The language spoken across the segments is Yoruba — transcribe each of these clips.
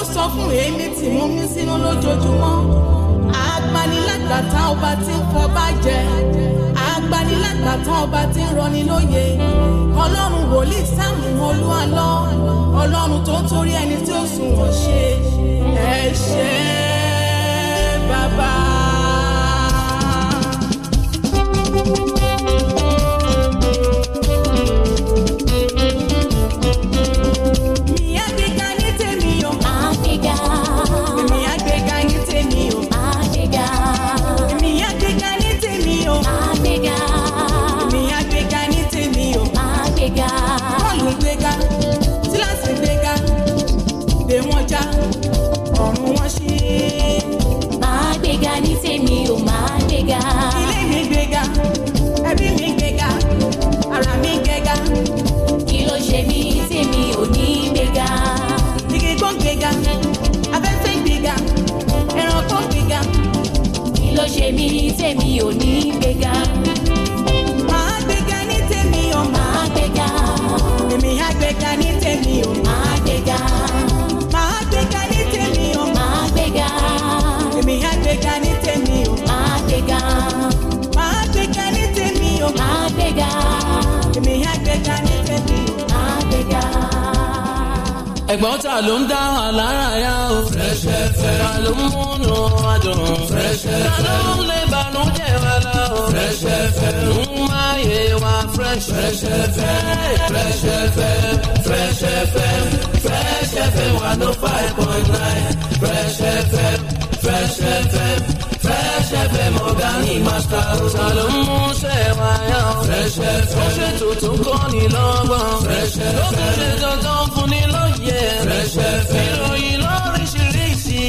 ń sọ fún èmi tí mo mú sínú lójoojúmọ́ agbanilágbàtà ọba tí ń fọba jẹ agbanilágbàtà ọba tí ń rọni lóye ọlọ́run wòlíì sáàmù olúwalọ́ ọlọ́run tó torí ẹni tí ó sùn wọ́n ṣe ẹ bàbá. ṣe mí tèmi ò ní gbéga. Màá gbéga ní tèmi o. Màá gbéga. Èmi á gbéga ní tèmi o. Màá gbéga. Màá gbéga ní tèmi o. Màá gbéga. Èmi á gbéga ní tèmi o. Màá gbéga. Màá gbéga ní tèmi o. Màá gbéga. Èmi á gbéga ní tèmi o. Màá gbéga ẹ̀gbọ́n ta ló ń dá wa lára yá o. fẹsẹ̀fẹ̀ ta ló ń múnú wa dùn tàló ń lé bànújẹ́ wa lọ. Fresh FM ń máa yé wa Fresh FM Fresh FM Fresh FM Fresh FM wà ló five point nine Fresh FM Fresh FM Fresh FM ọ̀gá ni màtà tàló ń mú sẹ́wà yá. Fresh FM ó ṣe tuntun kọ́ ni lọ́gbọ̀n. Fresh FM ló tún ṣe dandan fún ni lóye. Fresh FM ìròyìn lórí.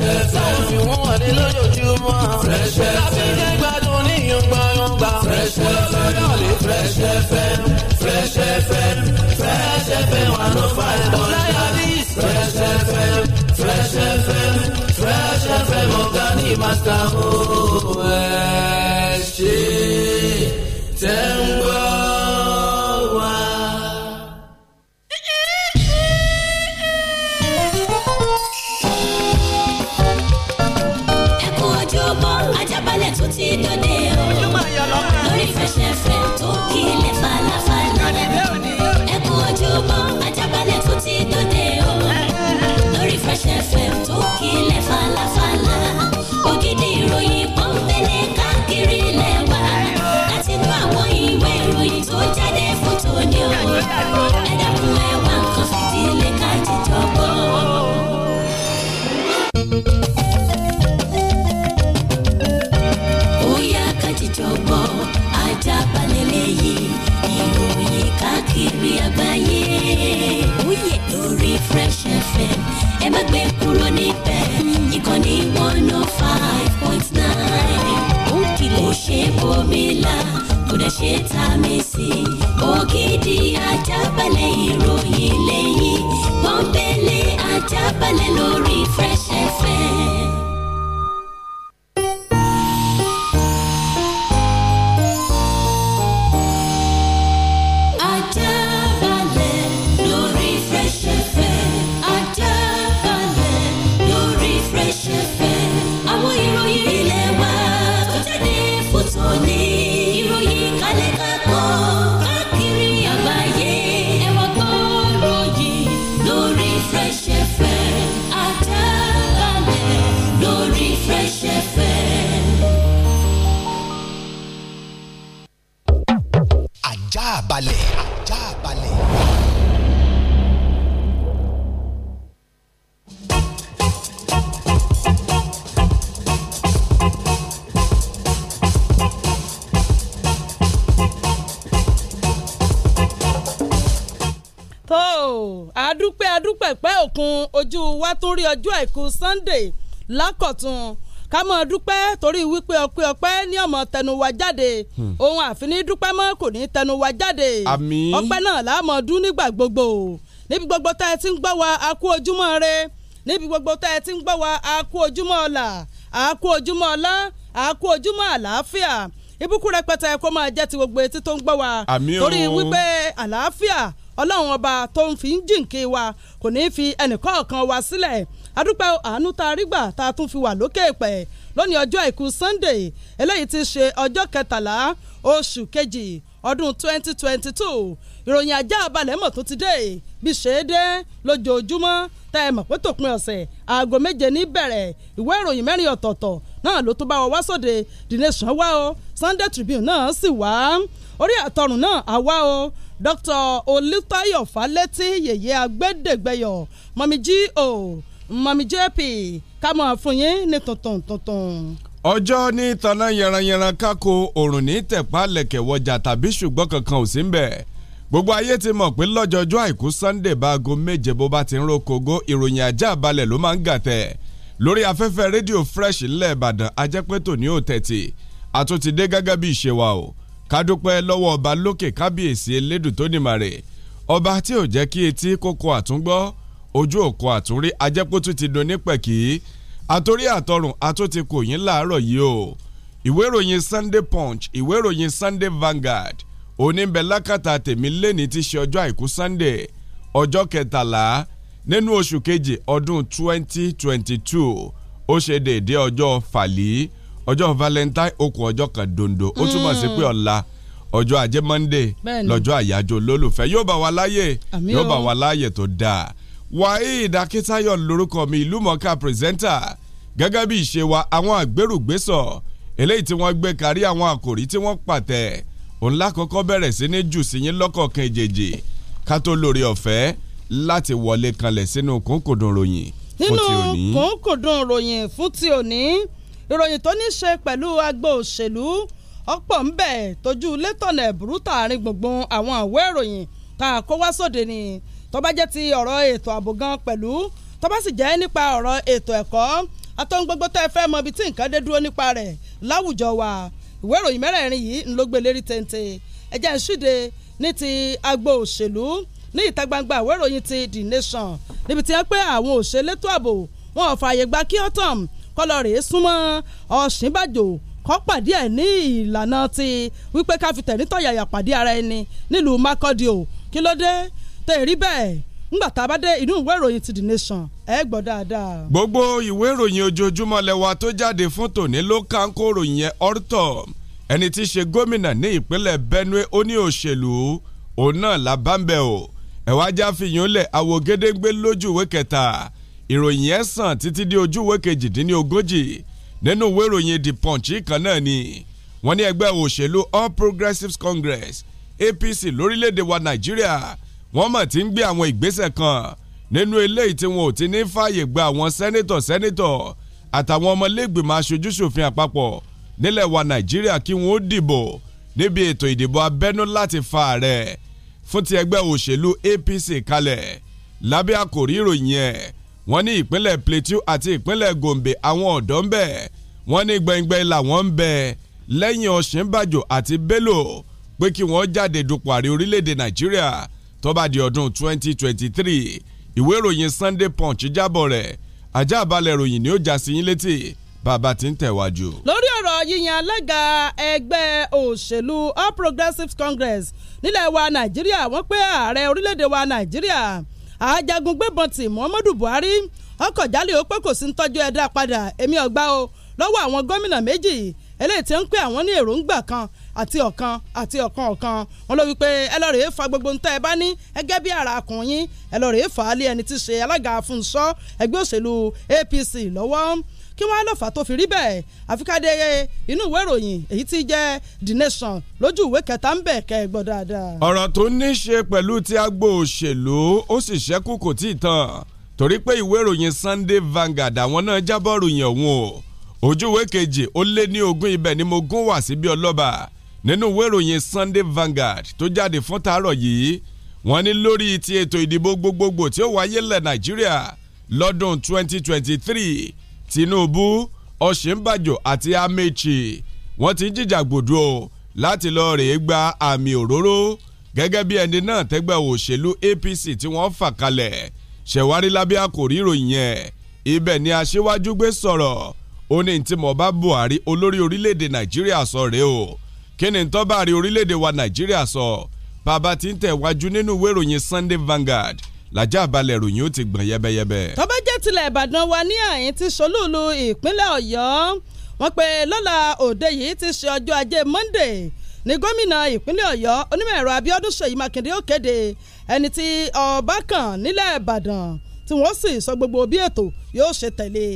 táwọn fi wọ́n wọlé lójoojúmọ́ láti jẹ́ gbádùn ní yọ̀ngbọ̀nyọ̀ngbà lọ́lọ́lọ́lẹ̀ Fresh FM Fresh FM Fresh FM wà ló fà ẹ̀ ọ̀láyàdís Fresh FM Fresh FM Fresh FM ọ̀gá ní màsà ó ẹ̀ ṣe tẹ́ ń gbọ́. gbọ́ Ajaabale lẹ́yìn ìròyìn káàkiri àgbáyé. Oyè lórí Fresh FM ẹ má gbé kúrò níbẹ̀ ìkànnì one oh five point nine. Ó kìlọ̀ ṣe bomi la kò dẹ̀ ṣe ta mi sí. Ògidì Ajaabale ìròyìn lẹ́yìn pọ́npẹ́lẹ́ Ajaabale lórí Fresh FM. lórí ọjọ́ àìkú Sunday lákọ̀tún ká mọ̀ dúpẹ́ torí wípé ọpẹ́ ọpẹ́ ní ọmọ tẹnu jáde hmm. ohun àfiní mọ́ kò ní tẹnu jáde ọpẹ́ náà la dún nígbà gbogbo níbi gbogbo tá ẹ ti ń gbọ́ wa a kú ojúmọ́ ire níbi gbogbo tá ẹ ti ń gbọ́ wa a kú ojúmọ́ ọ̀la a kú ojúmọ́ ọlá a kú ojúmọ́ àlàáfíà ìbùkún rẹpẹtẹ kó máa jẹ́ ti gbogbo etí tó ń gbọ́ wa torí wípé àlàáfíà ọlọ́run ọba tó ń fi ń jìnkí wa kò ní fi ẹnìkọ̀ọ̀kan wa sílẹ̀ adúpẹ́ àánú tá a rí gbà tá a tún fi wà lókè pẹ̀ lónìí ọjọ́ àìkú Sunday eléyìí ti ṣe ọjọ́ kẹtàlá oṣù kejì ọdún 2022 ìròyìn ajá balẹ̀ mọ̀ tó ti dé bí ṣe é dé lójoojúmọ́ tá ẹ mọ̀ pé tòpin ọ̀sẹ̀ aago méje ní bẹ̀rẹ̀ ìwé ìròyìn mẹ́rin ọ̀tọ̀ọ̀tọ̀ náà ló tó bá wa wá sóde The Nation wá o Sunday Tribune náà sì wá orí àtọrùn náà àwa o Dr. Olùtayọ̀ Fálétí yèyé agbẹ́dẹ́gbẹ́yọ̀ mọ̀mí G.O. mọ̀mí J.P. ká máa fún yín ní tuntun tuntun ọjọ́ ní tanná yẹranyẹran kákó òrùn ní tẹ̀pá lẹ̀kẹ̀ wọjà tàbí ṣùgbọ́n kankan ò sí ń bẹ̀. gbogbo ayé ti mọ̀ pé lọ́jọ́jọ́ àìkú sannde baago méje bó bá ti ń rokogo ìròyìn ajá balẹ̀ ló máa ń gà tẹ̀. lórí afẹ́fẹ́ rédíò fresh ńlẹ̀ ìbàdàn ajẹ́pẹ́ tòní ò tẹ̀tì àtúntì dé gẹ́gẹ́ bí ìṣe wa o kádúpẹ́ lọ́wọ́ ọba lókè kábíyèsí Elédùmarè ọba tí ò jẹ́ kí etí kókó àtúngbọ́ ojú òkò àtúnrí ajẹ́pótú ti dun nípẹ̀kì àtòrí àtọrùn àtúntì kò yín láàárọ̀ yìí o ìwé ìròyìn Sunday Punch ìwé ìròyìn Sunday Vanguard oníbẹ̀ lákàtà tèmi lẹ́ni ti ṣe ọjọ́ àìkú Sunday ọjọ́ kẹtàlá nínú oṣù kejì ọdún 2022 ó ṣe déédéé ọjọ́ fàlí ọjọ́ valentine okùn ọjọ́ kan dondo ó túmọ̀ sí pé mm. ọ̀la ọjọ́ ajé monday lọ́jọ́ àyájọ́ olólùfẹ́ yóò bá wa láyè yóò bá wa láyè tó dáa waheed akitayo lorúkọ mi ìlú mọ̀ọ́ká pírẹsẹ́ńtà gẹ́gẹ́ bí ìṣe wa àwọn àgbérùgbésọ̀ eléyìí tí wọ́n gbé kárí àwọn àkòrí tí wọ́n pàtẹ́ òun lákọ́kọ́ bẹ̀rẹ̀ sí ní jù sí yín lọ́kọ̀ọ̀kan ìjèjì ká tó lórí ọ̀fẹ́ láti wọlé kanlẹ̀ sínú kòńkòdùn ròyìn fún ti òní. nínú kòńkòdùn ròyìn fún ti òní ìròyìn tó ní ṣe pẹ̀lú agbo òṣèlú ọ̀pọ̀ ń bẹ tójú létọ̀nà ẹ̀bùrú tààrin gbùngbùn àwọn àwọ̀ ìròyìn tá a kó wá sóde ni tó bá jẹ́ ti ọ̀rọ̀ ètò ààbò gan pẹ̀lú tó bá sì jẹ́ nípa ọ̀rọ̀ ètò ẹ̀kọ́ àtọ́n gbogbo tẹ́ ẹ fẹ́ mọ ibi tí nǹkan dé dúró nípa rẹ̀ láwùjọ wa ìwé ìròyìn mẹ́rẹ̀ẹ̀rin yìí ń ló gbé lérí tente ẹ̀jẹ̀ ń ṣíde ní ti agbo òṣèlú ní ìta gbangba ìwé ìròyìn ti The Nation níbi tí wọ́n pé àwọn òṣèlétò ààbò wọn ò fààyè gba kí ọ́tọ̀m kọlọ́rìn súnmọ́ ọ̀ṣínbàjò kọ́ pàdé ẹ̀ ní ìlànà ti wípé ká fi tẹ̀rí tọ̀yàyà pàdé ara ẹni nílùú Makurdi o kí ló dé tẹ̀ bẹ́ẹ̀ ngbà tá bá dé inú ìwé ìròyìn ti The Nation ẹ gbọ́ dáadáa. gbogbo ìwé ìròyìn ojoojúmọ́ lẹ́wà tó jáde fún tòní ló kà ń kó yẹn ọ̀rọ̀tọ̀ ẹni tí í ṣe gómìnà ní ìpínlẹ̀ Benue ó ní òṣèlú òun náà làbámbẹ̀ o ẹ̀wájà fìyàn lẹ̀ àwògedengbe lójú ìwé kẹta ìròyìn yẹn sàn títí dé ojú ìwé kejìdínlógójì nínú ìwé ìròyìn the punch kan náà ni wọ́n ní ẹgbẹ́ òṣèlú all progressives congress apc lórílẹ̀‐èdè wa nàìjíríà wọ́n mọ̀ tí ń gbé àwọn ìgbésẹ̀ kan nínú eléyìí tí wọn ò ti ní fààyè gba àwọn sẹ́nítọ̀ sẹ́nítọ̀ àtàwọn ọmọlẹ́gbìmọ̀ aṣojúṣòfin àpapọ̀ nílẹ̀ wa nàìjíríà kí wọ́n ó dìbò níbi ètò ìdìbò abẹ́nú láti fa ààrẹ fún ti ẹgbẹ́ òṣèlú apc kalẹ̀ lábẹ́ àkòrí ìròyìn ẹ̀ wọ́n ní ìpínlẹ̀ Plateau àti ìpínlẹ̀ Gombe àwọn ọ̀dọ́ ń bẹ wọ́n ní gbẹ̀ngbẹ̀ làwọn ń bẹ lẹ́yìn Ọ̀ṣínbàjò àti Bello pé kí wọ́n jáde dupò ààrẹ orílẹ̀-èdè Nàìjíríà tó di ọdún 2023 ìwé ìròyìn Sunday Punch jábọ̀ rẹ̀ ajá àbálẹ̀ ìròyìn ni ó já sí yín létí bàbá tí ń tẹ̀wájú. lórí ọ̀rọ̀ yíyan alága ẹgbẹ́ òṣèlú All Progressives Congress nílẹ̀ wa Nàìjíríà wọ́n pé ààrẹ orílẹ̀-èdè wa Nàìjíríà ajagun gbébọn ti Muhammadu Buhari ọkọ̀ jálè ó pé kò sí ń tọ́jú ẹ̀dá padà èmi ọ̀gbá o lọ́wọ́ àwọn gómìnà méjì eléyìí tí ń pè àwọn ní èròǹgbà kan àti ọ̀kan àti ọ̀kan ọ̀kan wọn ló wípé ẹ lọ rèé fa gbogbo nǹkan ẹ bá ní ẹgẹ́ bí ara àkùnrin ẹ lọ rèé fà á lé ẹni tí í ṣe alága fúnṣọ́ ẹgbẹ́ òṣèlú APC lọ́wọ́ kí wọ́n á lọ́fà tó fi rí bẹ́ẹ̀ àfikàdé inú ìwé ìròyìn èyí tí jẹ́ The Nation lójú ìwé kẹta ń bẹ̀ kẹ́ dáadáa. ọ̀rọ̀ tó ní í ṣe pẹ̀lú ti agbo òṣèlú ó sì ṣẹ́kù kò tí ì tán torí pé ìwé ìròyìn Sunday Vanguard àwọn náà jábọ̀ ròyìn ọ̀hún o ojú ìwé kejì ó lé ní ogún ibẹ̀ ni mo gún wá síbi ọlọ́ba nínú ìwé ìròyìn Sunday Vanguard tó jáde fún tàárọ̀ yìí wọ́n ní lórí ti ètò ìdìbò gbogbogbò tí ó wáyé lẹ̀ Nàìjíríà lọ́dún 2023 Tinubu Ọ̀ṣínbàjò àti Amechi wọ́n ti jìjàgbòdo o láti lọ rèé gba àmì òróró gẹ́gẹ́ bí ẹni náà tẹ́gbẹ́ òṣèlú APC tí wọ́n fà kalẹ̀ ṣẹ̀wárí lábẹ́ àkòrí ìròyìn yẹn ibẹ̀ ni aṣíwájú gbé sọ̀rọ̀ ó ní tí mo bá Buhari olórí orílẹ̀-èdè Nàìjíríà sọ rèé o kí ni tọ́ba rí orílẹ̀-èdè wa Nàìjíríà sọ bàbá tí ń tẹ̀wájú nínú ìwé ìròyìn Sunday Vanguard làjà balẹ̀ ròyìn ó ti gbọ̀n yẹ́bẹ́yẹ́bẹ́. tó bá jẹ́ tilẹ̀ ìbàdàn wa ní àyín ti solúlu ìpínlẹ̀ ọ̀yọ́ wọ́n pe lọ́la òde yìí ti ṣe ọjọ́ ajé monday ní gómìnà ìpínlẹ̀ ọ̀yọ́ onímọ̀ ẹ̀rọ abíọ́dún ṣèyí mákindé ó kéde ẹni tí ọba kan nílẹ̀ ìbàdàn tí wọ́n sì sọ gbogbo bí ètò yóò ṣe tẹ̀lé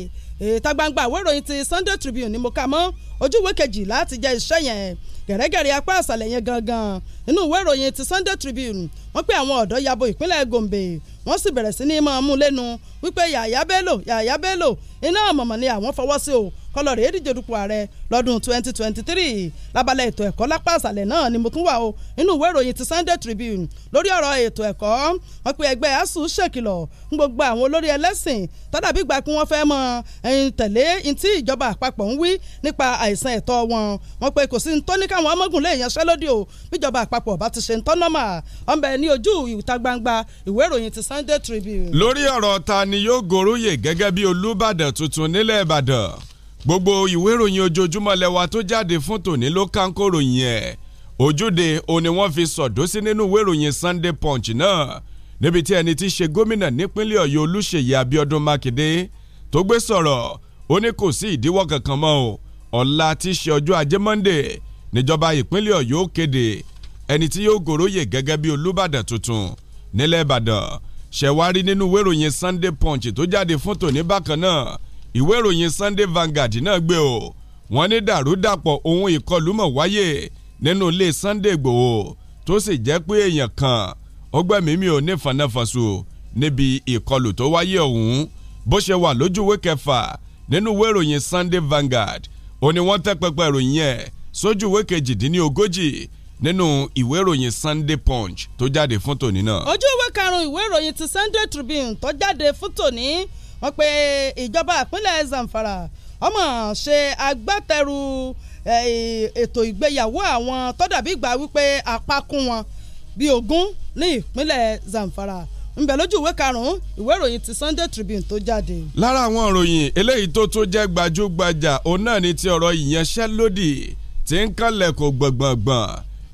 ìta gbangba àwéròyìn ti sunday tribune ni mo kà mọ́ ojú ìwé kejì láti jẹ́ iṣẹ́ yẹn gẹ̀rẹ́gẹ̀rẹ́ apá àṣàlẹ̀ yẹn gangan nínú ìwé ìròyìn ti Sunday Tribune wọ́n pé àwọn ọ̀dọ́ yabo ìpínlẹ̀ Gombe wọ́n sì bẹ̀rẹ̀ sí ní máa mú lẹ́nu wípé Yàyà Bello Yàyà Bello iná mọ̀mọ́ ni àwọn fọwọ́ sí o kọlọ̀ rèé díje dupò ààrẹ lọ́dún 2023 lábàlẹ̀ ètò ẹ̀kọ́ lápá àṣàlẹ̀ náà ni mo tún wà o nínú ìwé ìròyìn ti Sunday Tribune lórí ọ̀rọ̀ ètò ẹ̀kọ́ wọn pe ẹgbẹ́ ASUU ṣèkìlọ̀ ń gbogbo àwọn olórí ẹlẹ́sìn tọ́dàbí gbà pé wọ́n fẹ́ mọ ẹyin eh, tẹ̀lé ntí ìjọba àpapọ̀ ń wí nípa àìsàn ẹ̀tọ́ wọn wọn pe kò sí ń tó ní káwọn ọmọgùn lè yanṣẹ́lódì o bíjọba àpapọ̀ bá ti ṣe ń tọ́nọ́mà ọ̀nbẹ ní ojú ìta gbangba ìwé ìròyìn ti Sunday Tribune. lórí ọ̀rọ̀ ta ni yóò goróyè gẹ́gẹ́ bí Olúbàdàn tuntun nílẹ̀ Ìbàdàn gbogbo ìwé ìròyìn ojoojúmọ́ lẹ́wà tó jáde fún tòní ló kánkó ròyìn ẹ̀ ojúde o ni wọ́n fi sọ̀dọ́ sí nínú ìwé ìròyìn Sunday Punch náà níbi tí ẹni tí í ṣe gómìnà nípínlẹ̀ Ọ̀yọ́ Olúṣèyí Abíọ́dún Mákindé tó gbé sọ̀rọ̀ ó ní kò sí ìdíwọ́ kankan mọ́ o ọ̀la tí í ṣe ọjọ́ ajé Monday níjọba ìpínlẹ̀ Ọ̀yọ́ kéde ẹni tí yóò gòròyè gẹ́gẹ́ bí Olúbàdàn tuntun nílẹ̀ Ìbàdàn ṣẹ̀wárí nínú ìwé ìròyìn Sunday Punch tó jáde fún tòní bákan náà ìwé ìròyìn Sunday Vanguard náà gbé o wọ́n ní dàrúdàpọ̀ ohun ìkọlù mọ̀ wáyé nínú ilé Sunday Igboho tó sì jẹ́ pé èèyàn kan ọgbẹ́mímí ò ní fanáfaso níbi ìkọlù tó wáyé ọ̀hún bó ṣe wà lójúwé kẹfà nínú ìwé ìròyìn Sunday Vanguard ó ní wọ́n tẹ́ pẹpẹ ìròyìn yẹn sójúwé kejìdínlógójì nínú ìwé ìròyìn Sunday Punch tó jáde fún tòní náà. ojú ìwé karùn-ún ìwé ìròyìn ti Sunday Tribune tó jáde fún tòní wọ́n pe ìjọba ìpínlẹ̀ Zamfara ọmọ ṣe agbátẹrù ètò ìgbéyàwó àwọn tó dàbí wípé apákún wọn bíi ogún ní ìpínlẹ̀ Zamfara ńbẹ lójú ìwé karùnún ìwé ìròyìn ti Sunday Tribune tó jáde. lára àwọn ìròyìn eléyìí tó tún jẹ́ gbajúgbajà òun náà ni ti ọ̀rọ̀ ìyanṣẹ́lódì tí ń kànlẹ̀ kò gbọ̀ngbọ̀ngbọ̀n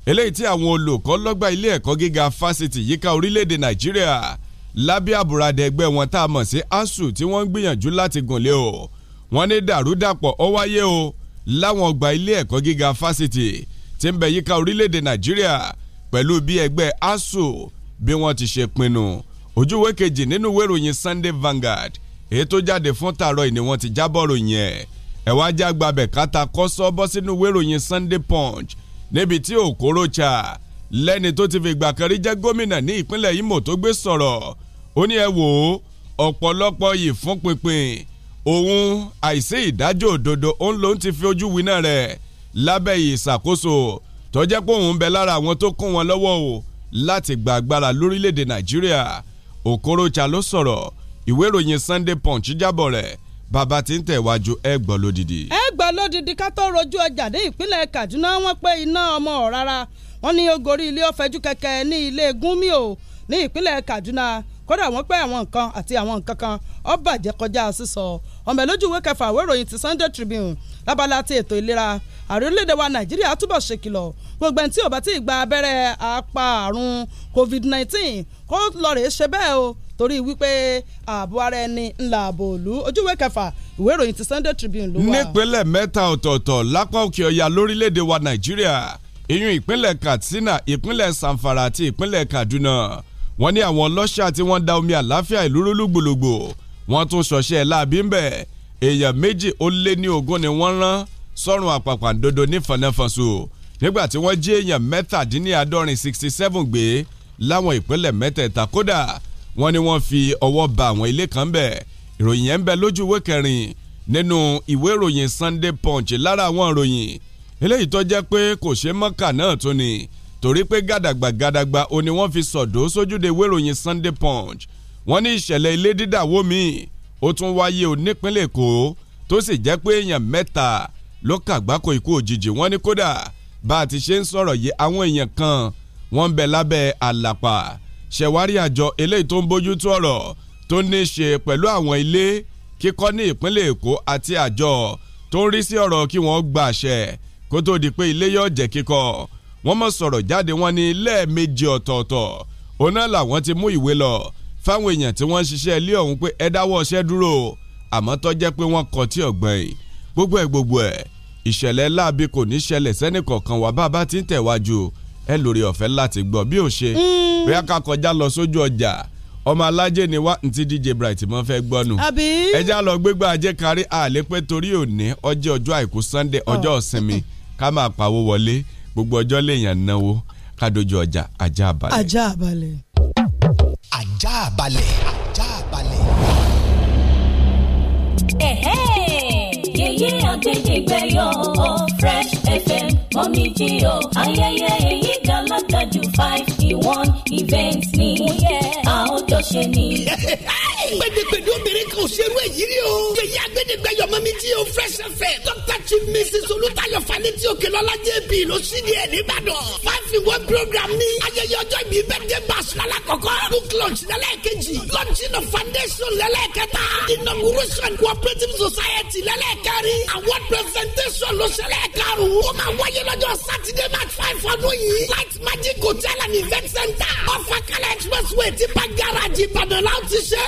eléyìí tí àwọn olùkọ́ lọ́gbà ilé ẹ̀kọ́ gíga fásitì yíká orílẹ̀-èdè Nàìjíríà lábẹ́ àbùradà ẹgbẹ́ wọn tá a mọ̀ sí ASUU tí wọ́n ń gbìyànjú láti gùnlé o wọ́n ní dàrúdàpọ̀ ó wáyé o láwọn ọgbà ilé ẹ̀kọ́ gíga fásitì tí ń bẹ yíká orílẹ̀-èdè Nàìjíríà pẹ̀lú bí ẹgbẹ́ ASUU bí wọ́n ti ṣe pinnu ojúwe kejì nínú ìwé ìròyìn Sunday Vanguard èyí tó jáde fún tààrọ̀ ìní wọ́n ti jábọ̀ ròyìn ẹ̀ ẹ̀wọ́n ajá gbabẹ̀ kátakọ́sọ́ bọ́ sínú ìwé ìròyìn Sunday Punch níbi tí Okorocha lẹ́ni tó ti fi ìgbà kan rí jẹ́ gómìnà ní ìpínlẹ̀ Imo tó gbé sọ̀rọ̀ ó ní ẹ wò ó ọ̀pọ̀lọpọ̀ ìfúnpinpin òun àìsí ìdájọ́ òdodo òun lòun ti fi ojú winá rẹ̀ lábẹ́ ìṣàkóso tó jẹ́ pé òun bẹ lára àwọn tó kún wọn lọ́wọ́ o láti gba agbára lórílẹ̀‐èdè Nàìjíríà Okorocha ló sọ̀rọ̀ ìwé ìròyìn Sunday Punch jábọ̀ rẹ̀ bàbá tí ń tẹ̀wájú ẹ gbọ́ lódìdí. ẹ gbọ́ lódìdí ká tó rojú ọjà dé ìpínlẹ̀ Kaduna wọ́n pé iná ọmọ ọ̀rára wọ́n ní ogori ilé ọ̀fẹ́jú kẹ̀kẹ́ ní ilé gúnmi o ní ìpínlẹ̀ Kaduna kódà wọ́n pẹ́ àwọn nǹkan àti àwọn nǹkan kan ó bàjẹ́ kọjá sísọ ọmọ ìlójú ìwé kẹfà àwọn ìròyìn ti Sunday Tribune lábala ti ètò ìlera ààrẹ orílẹ̀-èdè wa Nàìjíríà túbọ̀ ṣèkìlọ̀ gbogbo ẹni tí ò bá ti gba abẹ́rẹ́ apá àrùn COVID-19 kó lọ rèé ṣe bẹ́ẹ̀ o torí wípé ààbò ara ẹni ńlá ààbò òlu ojúwé kẹfà ìwé ìròyìn ti Sunday Tribune ló wà. nípínlẹ̀ mẹ́ta ọ̀tọ̀ọ̀tọ̀ lápá òkè ọya lórílẹ̀-èdè wa Nàìjíríà iyun ìpínlẹ̀ Katsina ìpínlẹ̀ Samfara àti ìpínlẹ̀ Kaduna wọ́n ní àwọn ọlọ́ṣà tí wọ́n da omi àláfíà ìlú rúlú gbòlògbò wọ́n tún ṣọṣẹ́ láàbí ń bẹ̀ èèyàn méjì ó lé ní ogún ni wọ́n rán sọ́run àpàpàǹdodo nífọ̀nẹ́fọ̀nso nígbà tí wọ́n jí èèyàn mẹ́tàdínláàádọ́rin sixty seven gbé láwọn ìpínlẹ̀ mẹ́tẹ̀ẹ̀ta kódà wọ́n ní wọ́n fi ọwọ́ ba àwọn ilé kan bẹ̀ ìròyìn yẹn ń bẹ lójú ìwé kẹrin nínú ìwé ìròyìn Sunday Punch lára àwọn ìròyìn eléyìí tó jẹ́ pé kò ṣe mọ́kà náà tún ni torí pé gàdàgbà gàdàgbà ó ní wọ́n fi sọ̀dọ̀ sójúde wéròyìn Sunday Punch wọ́n ní ìṣẹ̀lẹ̀ ilé dídàwó míì ó tún wáyé o nípínlẹ̀ Èkó tó sì jẹ́ pé èèyàn mẹ́ta ló kàgbákò ikú òjijì wọ́n ní kódà bá a ti ṣe ń sọ̀rọ̀ yìí àwọn èèyàn kan wọ́n ń bẹ lábẹ́ àlàpà ṣẹ̀wárí àjọ eléyìí tó ń bójú tó ọ̀rọ̀ tó ní í ṣe pẹ̀lú àwọn ilé kíkọ́ ní ìpínlẹ̀ Èkó àti àjọ tó ń rí sí ọ̀rọ̀ kí wọ́n gba kó tó di pé ilé yóò jẹ́ kíkọ wọ́n mọ̀ sọ̀rọ̀ jáde wọn ní lẹ́ẹ̀mejì ọ̀tọ̀ọ̀tọ̀ òun náà làwọn ti mú ìwé lọ fáwọn èèyàn tí wọ́n ń ṣiṣẹ́ ilé ọ̀hún pé ẹ dáwọ́ iṣẹ́ dúró àmọ́ tó jẹ́ pé wọ́n kọ tí ọ̀gbọ́n yìí gbogbo ẹ̀ gbogbo ẹ̀ ìṣẹ̀lẹ̀ láabi kò ní ṣẹlẹ̀ sẹ́nìkọ̀ọ̀kan wà bá a bá ti ń tẹ̀wájú ẹ lórí ọ̀fẹ́ láti gbọ́ bí ó ṣe mm. bóyá ká kọjá lọ sójú ọjà ọmọ alájẹ ni wá ntí dj bright mọ fẹ́ gbọnu ẹjá lọ gbégbá ajé kárí àlépẹ torí òní ọjọ́ ọjọ́ àìkú sunday ọjọ́ ah. ìsinmi ká máa pawó wọlé gbogbo ọjọ́ lèèyàn náwó ká dojú ọjà ajá balẹ̀. ajá balẹ̀. ajá balẹ̀. ajá balẹ̀. ẹ̀hẹ́ yẹyẹ agbẹ́dẹ́gbẹ́ yọ Fresh FM mọ́mí o ayẹyẹ èyí gàlágàjù five in one event ni oh, a jọ ṣe ni. gbẹdẹgbẹdẹ obìnrin kan ò ṣerú èyí rí o. yèyí agbẹdẹgbẹ yọmọ mi tí o fresh fẹ. dókítà tí mrs olùtayọ fani tí o kẹlẹ ọlajẹ bí ló sì ní ẹ nìbàdàn. five in one program ni. ayẹyẹ ọjọ́ ìbí birthday bash lọ́la kọ̀kọ́. book launch lẹ́lẹ́kejì. launching of foundation lẹ́lẹ́kẹta. inauguration cooperative society lẹ́lẹ́kẹrin. award presentation ló ṣẹlẹ̀ karùn-ún. ó máa wáyé lọ́jọ́ saturday march five ọdún yìí. light magic hotel and event center. ọ̀fà kala expressway ti bá garaji ìbàdàn láti ṣe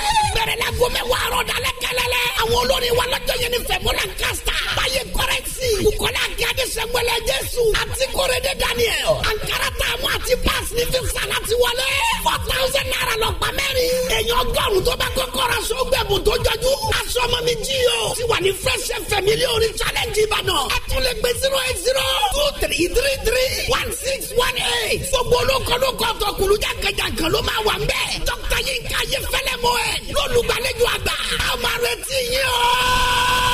rẹ̀ la gomẹ wàrọ̀ dalẹ̀ lẹ́lẹ́lẹ́. àwọn olórin wa lọ́jọ́ yẹn ni fẹ̀mú lancaster. báyé kọ́rẹ́sì. bukola gíadé sẹ́gbẹ́lẹ́ jésù. àti kórede daniel. ankara taamu àti pass ní fífà láti wọlé. four thousand naira lọ gba mẹ́rin. èèyàn ọgọ́rùn tó bá kọ́kọ́ ra so gbẹ̀bù tó jọjú. aṣọ ọmọ mi jí o. ti wà ní fresh fm mílíọ̀nù challenge ìbàdàn. a tún lè gbé zero eight zero two three three three one six one eight. gbogbo olókòlókò tó kulujà kẹjà kan ló máa wà ń bẹ́ẹ̀. dókítà yín ká yẹ fẹ́lẹ́ mọ́ ẹ̀. lọ́lùgbàlejò àgbà. àwọn 别急啊！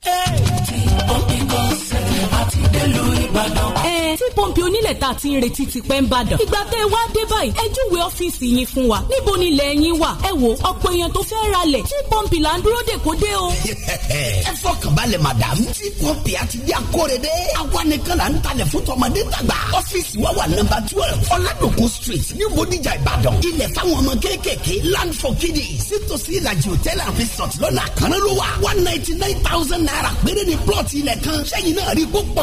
Hey. Pumping guns, celebrate nílùú Ìbàdàn. ẹ tí pọ́ǹpì onílẹ̀ ta ti ń retí ti pẹ́ ń bàdàn. ìgbà tẹ́ ẹ wá dé báyìí ẹ júwe ọ́fíìsì yín fún wa níbo ni ilẹ̀ yín wà. ẹ wo ọ̀pọ̀ èèyàn tó fẹ́ ra lẹ̀ tí pọ́ǹpì là ń dúró dè kó dé o. ẹ fọkàn balẹ̀ madam tí pọ́ǹpì àti bí akóredé awa nìkan là ń talẹ̀ fún tọmọdé tàgbà. ọ́fíìsì wa wà nọ́mbà twelve ọ̀làdòkò street ní bodijà ìbàdàn. ilẹ̀ fáwọn ọmọ kéékèèké land for kiddies sítòsí ìlàjì hòtẹ́ẹ̀lì and resort lọ́nà àkànlélówà one ninety nine thousand naira péré ni plọ̀tì ilẹ̀ kan sẹ́yìn náà rí gbogbo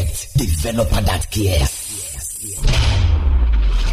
developer that cares.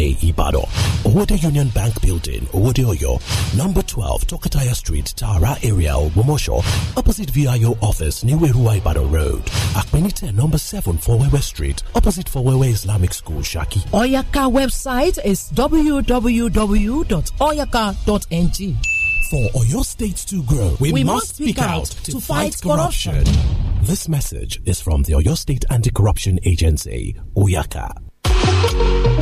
A, Ibado, Owode Union Bank Building, Owode Oyo, number 12, Tokataya Street, Tara area, Ogumosho, opposite VIO office, Niwerua Ibado Road, Akpenite, number 7, Fowewe Street, opposite Fowewe Islamic School, Shaki. Oyaka website is www.oyaka.ng. For Oyo State to grow, we, we must speak out to, fight, fight corruption. corruption. This message is from the Oyo State Anti Corruption Agency, Oyaka.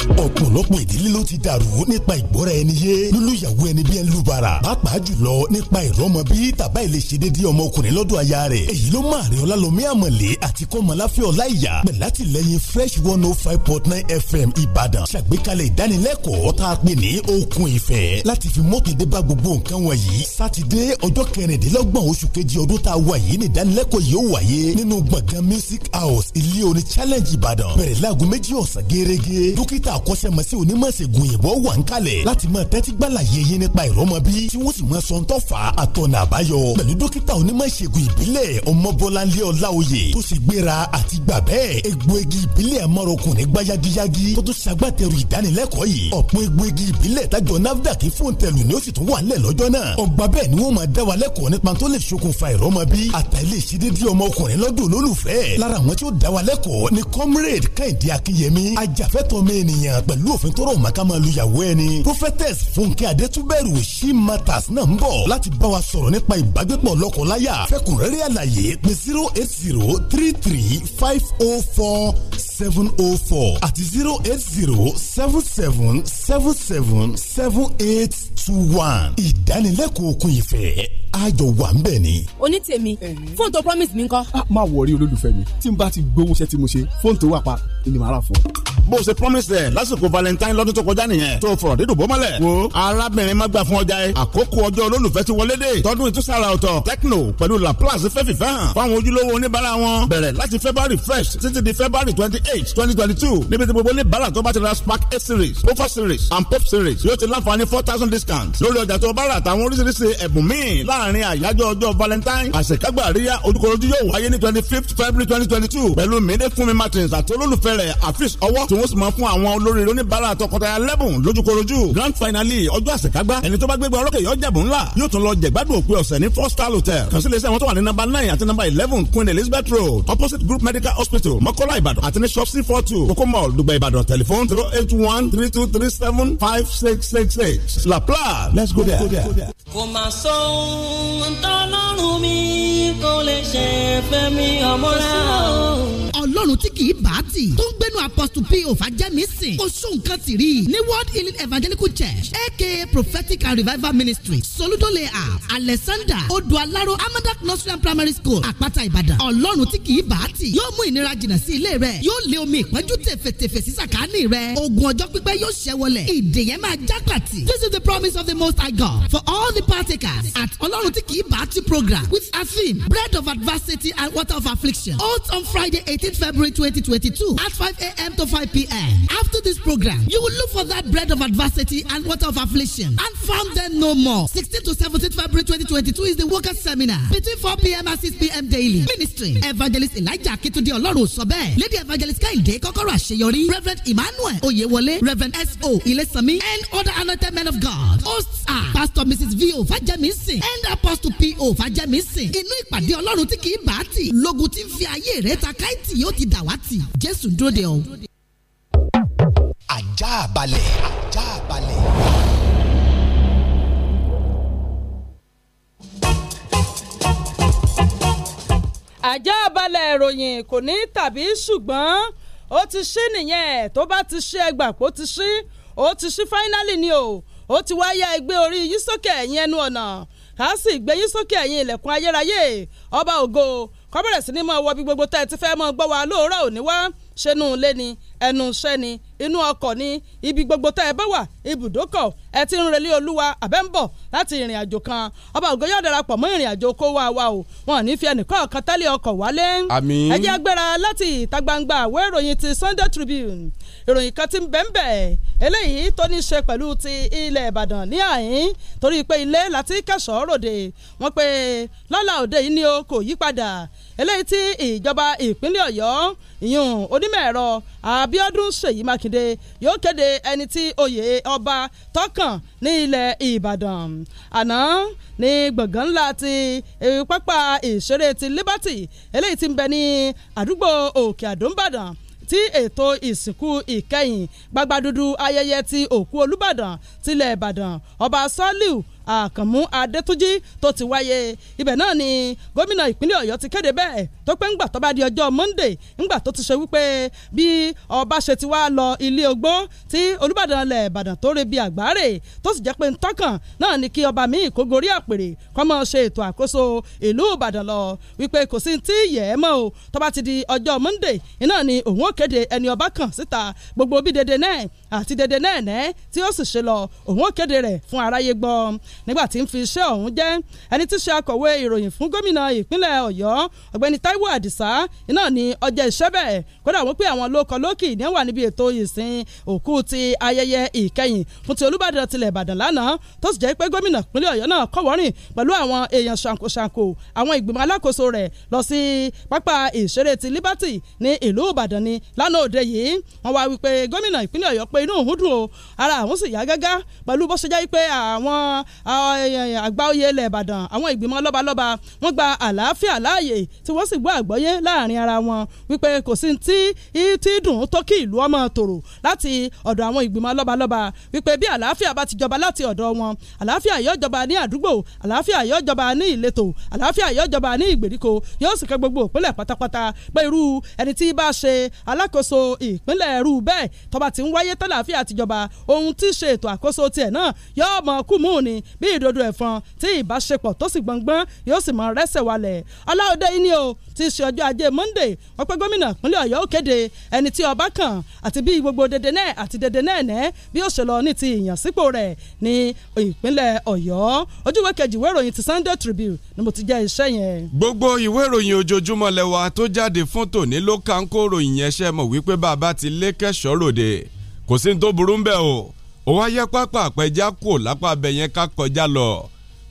ọ̀pọ̀lọpọ̀ ìdílé ló ti dàrú nípa ìgbọ́ra ẹni yé lólùyàwó ẹni bí ẹni lùbàrà pàápàá jùlọ nípa ìrọmọ bí tàbá ilé ṣe déédéé ọmọkùnrin lọ́dọ̀ aya rẹ̀ èyí ló máa rẹ̀ ọlálọ́mí àmọ̀lé àti kọ́mọláfẹ́ ọláìyá pẹ̀látìlẹ́yìn fresh one oh five point nine fm ìbàdàn ṣàgbékalẹ̀ ìdánilẹ́kọ̀ọ́ tá a pè ní okun ìfẹ́ láti fi mọ́tòdé bá gbogbo nǹkan wọ̀nyí sátidé ọjọ́ kẹrìndínlọ́gbọ̀n oṣù kejì ọdún tá a wà yìí ní ìdánilẹ́kọ̀ọ́ yóò wáyé nínú gbọ̀ngàn music house ilé orin challenge ìbàdàn bẹ̀rẹ̀ láago méjì ọ̀sán gẹ́gẹ́ dókítà dókítà akọ́ṣẹ́mọṣẹ́ onímọ̀ṣègùn òyìnbó wà ń kalẹ̀ láti máa tẹ́tí gbàlàyé yín nípa ìrọmọbí tí wọ́n sì máa sọ ń tọ́fà àtọ̀nà àbáyọ pẹ̀lú dókítà onímọ̀ṣègùn ìbílẹ̀ ọmọbọ́láńlé ọláoyè tó sì gbéra àti gbà bẹ́ẹ̀ egbòogi ìbílẹ̀ amọ̀rọ̀kùn ní gbáyagíyágí tó tún ṣagbátẹrù ìdánilẹ́kọ̀ọ́ yìí ènìyàn pẹ̀lú òfin tó rọ̀ mọ́ ká máa lu ìyàwó ẹni. prophetess fúnkẹ́ adétúbẹ̀rù she matters náà ń bọ̀ láti bá wa sọ̀rọ̀ nípa ìbágbépọ̀ lọ́kọ̀láyà fẹ́kùnrẹ́rẹ́ àlàyé pé zero eight zero three three five oh four seven oh four àti zero eight zero seven seven seven seven seven eight two one ìdánilẹ́kọ̀ọ́ òkun ìfẹ́ ayọ̀ wà ń bẹ̀ ni. oní tèmi fóònù tó promise mi ńkọ́. a ah, máa wọrí olólùfẹ́ mi tí n bá ti gbowó iṣẹ́ tí mo ṣe fóònù tó wà pa ni màá rà fún bó ṣe promise ẹ lásìkò valentine lọ́dún tó kọjá nìyẹn tó fọ̀rọ̀ dídùn bó mọ́lẹ̀. wo arábìnrin má gbà fún ọjà yẹn àkókò ọjọ́ olólùfẹ́ ti wọlé dé tọdún ìtúsára ọ̀tọ̀ Tecno pẹ̀lú Laplace fẹ́ fìfẹ́ hàn fáwọn ojúlówó oníbàárà wọn bẹ̀rẹ̀ láti February first títí di February twenty eight twenty twenty two níbi tí gbogbo oníbàárà tó bá ti ra Spark eight series Pofa series and Pop series yóò ti láǹfààní four thousand discount lórí ọjà tó bá rà àtàwọn oríṣiríṣi ẹ̀bùn míì lá láàrin àyájọ́ ọjọ́ valentine àṣekágbà àríyá olùkọ́rọ́jú yóò wáyé ní twenty fifth february twenty twenty two pẹ̀lú mèdè fúnmi martins àti olólùfẹ́ rẹ̀ afis ọwọ́ tí wọ́n sì máa fún àwọn olóríire oníbàárà tọkọtaya lẹ́bùn lójúkorojú grand finale ọjọ́ àṣekágbá ẹni tó bá gbégbá ọlọ́kẹ̀ yọ jẹ̀bù ńlá yóò tún lọ jẹ̀gbádùn òpin ọ̀sẹ̀ ní four star hotel kàn sí iléeṣẹ́ wọn tó wà ní number nine àti number eleven queen elizabeth road opposite group medical hospital mọ́kọ́lá ìbàdàn àti ní shop c four two kókó mall dùgbà ìbàdàn telephone zero eight one three two three seven five six six six la place let's go there. Let's go there kò mà sọ ohun tọ́lọ́run mi kò lè ṣe fẹ́ mi ọmọ rẹ̀ ọlọ́run tí kì í bá tì tó ń gbénu apostle p òfàjẹ́mísìn kò sóhun kan tì rí ní world healing evangelical church aka prophetic and revival ministry soludo layout alexander odualaro amadak nursery and primary school àpáta ìbàdàn ọlọ́run tí kì í bá tì yóò mú ìnira jìnnà sí ilé rẹ yóò lé omi ìpọ́njú tẹ̀fẹ̀tẹ̀fẹ̀ sí sàkáání rẹ ogun ọjọ́ pípẹ́ yóò ṣẹ́ wọlẹ̀ ìdè máa já pàtì this is the promise of the most high God for all the partakers at ọlọ́run tí kì bá tì program with a theme bread of adversity and water of affliction out on friday eighteen february February 2022 at 5 a.m. to 5 p.m. After this program, you will look for that bread of adversity and water of affliction and found them no more. 16 to 17 February 2022 is the workers' seminar between 4 p.m. and 6 p.m. daily. Ministry Evangelist Elijah Akitunde Ọlọ́run sọ Lady Evangelist Kainde Kọ́kọ́rọ́ Àṣeyọrí. Reverend Emmanuel Oyewole. Reverend S.O. Ilesami and other anointed men of God. Hosts are Pastor Mrs. V.O. Fajemisin and Apostle P.O. Fajemisin. Inú ìpàdé Ọlọ́run tí kì í bá tì. Lógun ti fi ayé ta káìtì yóò ti dàwátì jésù dúró de ọ. ajá balẹ̀ ajá balẹ̀. ajá balẹ̀ ìròyìn kò ní tàbí ṣùgbọ́n ó ti ṣí nìyẹn tó bá ti ṣí ẹgbàá kó ti ṣí ó ti ṣí fáínálì ni o ó ti wáyé ẹgbẹ́ orí yìí sókè ẹ̀yìn ẹnu ọ̀nà ká sì gbé yìí sókè ẹ̀yìn ilẹ̀kùn ayérayé ọba ògo kọ́bẹ̀rẹ̀ sí ni mọ̀ wọ bí gbogbo tẹ́ ẹ ti fẹ́ mọ̀ gbọ́ wa lóòrọ̀ òní wá ṣẹ́nu lé ni ẹnu iṣẹ́ ni inú ọkọ̀ ni ibi gbogbo tẹ́ ẹ bá wà ibùdókọ̀ ẹ ti ń relé olúwa àbẹ́ láti ìrìn àjò kan ọba ògo yóò darapọ̀ mọ́ ìrìn àjò kó wa wa o wọn ní fi ẹnìkan kan tẹ́lẹ̀ ọkọ̀ wálé ẹ jẹ́ agbára láti ìta gbangba àwọn ìròyìn ti Sunday Tribune ìròyìn kan ti ń eléyìí tó ní ṣe pẹ̀lú ti ilẹ̀ Ìbàdàn ní àyín torí pé ilé láti kẹsàn-án ròde wọ́n pé lọ́la òde yìí ni o kò yí padà eléyìí tí ìjọba ìpínlẹ̀ Ọ̀yọ́ ìyún onímọ̀ ẹ̀rọ Abíọ́dún Ṣèyí Mákindé Mákindé yóò kéde ẹni tí oyè ọba tọkàn ní ilẹ̀ Ìbàdàn àná ní gbọ̀ngàn ńlá ti pápá ìṣeré ti Liberty eléyìí tí ń bẹ ní àdúgbò Òkè Àdó ńbàdàn tí ètò ìsìnkú ìkẹyìn gbagbadudu ayẹyẹ ti òkú Olúbàdàn tilẹ̀ Ìbàdàn ọba Sọ́líù àkànmú adétúnjì tó ti wáyé ibẹ̀ náà ni gómìnà ìpínlẹ̀ ọ̀yọ́ ti kéde bẹ́ẹ̀ tó pé ńgbà tó bá di ọjọ́ monday ńgbà tó ti ṣe wípé bí ọba ṣe ti wá lọ ilé ogbó tí olùbàdàn ilẹ̀ ìbàdàn tó rebi àgbáre tó sì jẹ́ pé ntọ́kàn náà ni kí ọba míì kó gorí àpèrè kó máa ṣe ètò àkóso ìlú ìbàdàn lọ wípé kò sí tí yẹ̀ ẹ́ mọ́ o tó bá ti di ọjọ́ monday iná ni òun ó kéde ẹni ọba kan síta gbogbo bí dede náà àti dede náà náà tí ó sì ṣe lọ òun ó kéde rẹ̀ fún aráyé gbọ́ nígbà tí ń fi iṣẹ́ ọ̀hún jẹ́ ẹni tí ṣe akọ̀wé ìròyìn fún gómìnà ìpínlẹ̀ ọ̀yọ́ ọ̀gbẹ́ni taiwo adisa iná ní ọjọ́ iṣẹ́ bẹ́ẹ̀ kódà wọ́n pé àwọn lóko lókì ní wà níbi ètò ìsìn òkú ti ayẹyẹ ìkẹyìn fún ti olúbàdàn tilẹ̀ ìbàdàn lánàá tó sì jẹ́ pé gómìnà ìpínlẹ̀ ọ̀yọ́ náà kọ́wọ́rìn pẹ̀lú àwọn èèyàn ṣàǹkóṣàǹkó àwọn ìgbìmọ̀ alákòóso rẹ̀ lọ sí pápá ìṣeré ti liberty ní ìlú ìbàdàn ni lánàá òde yìí wọ́n wá wípé gómìnà ìpínlẹ̀ ọ̀yọ́ pé inú òun dùn o ara àwọn sì yá gágá pẹ̀lú bó ṣe jẹ́ pé àwọn àgbáòye ilẹ̀ ìbàdàn àwọn ìgbìmọ̀ lọ́balọ́ba wọ́n gba àlàáfíà láàyè tí wọ́n sì gbọ́ àgbọ́yé láàrin ara wọn wípé kò sí tí tí dùn tó kí ìlú ọmọ tòrò láti ọ̀dọ̀ àwọn ìgbìmọ̀ lọ́balọ́ba wípé bí àlàáfíà bá ti jọba láti ọ̀dọ̀ wọn àlàáfíà yóò jọba ní àdúgbò àlàáfíà yóò jọba ní ìletò àlàáfíà yóò jọba ní ìgbèríko yóò sì kẹ́ gbogbo ìpínlẹ̀ pátápátá pé irú ẹni tí bá ṣe alákòóso ìpínlẹ̀ irú bẹ́ẹ̀ tọba ti ń wáyé tálàáfíà ti jọba ohun tí ṣe ètò àkóso tiẹ̀ náà yóò mọ kú mú ni bí ìdodo ẹ̀fọn tí ìbáṣepọ̀ tó sì gbọ̀ngbọ́n yóò sì mọ rẹ́sẹ̀ walẹ̀ ọláòdé yìí ni o ti ṣe ọjọ́ ajé monday wọ́n pé gómìnà ìpínlẹ̀ ọ̀yọ́ ó kéde ẹni tí ọba kàn àti bí gbogbo dèdè náà àti dèdè náà nẹ́ bí ó ṣe lọ ní ti ìyànsípò rẹ̀ ní ìpínlẹ̀ ọ̀yọ́ ojúwe kejì ìwé ìròyìn ti sunday tribune ni mo ti jẹ́ iṣẹ́ yẹn. gbogbo ìwé ìròyìn ojoojúmọ́ lẹ́wà tó jáde fún tòní ló kà ń kó ròyìn yẹn ṣe mọ̀ wípé bàbá ti lé kẹ́sọ̀ọ́ kò sí ní tó burú ń bẹ̀ o ó wá yẹ pápá àpẹjá kò lápá abẹ yẹn ká kọjá lọ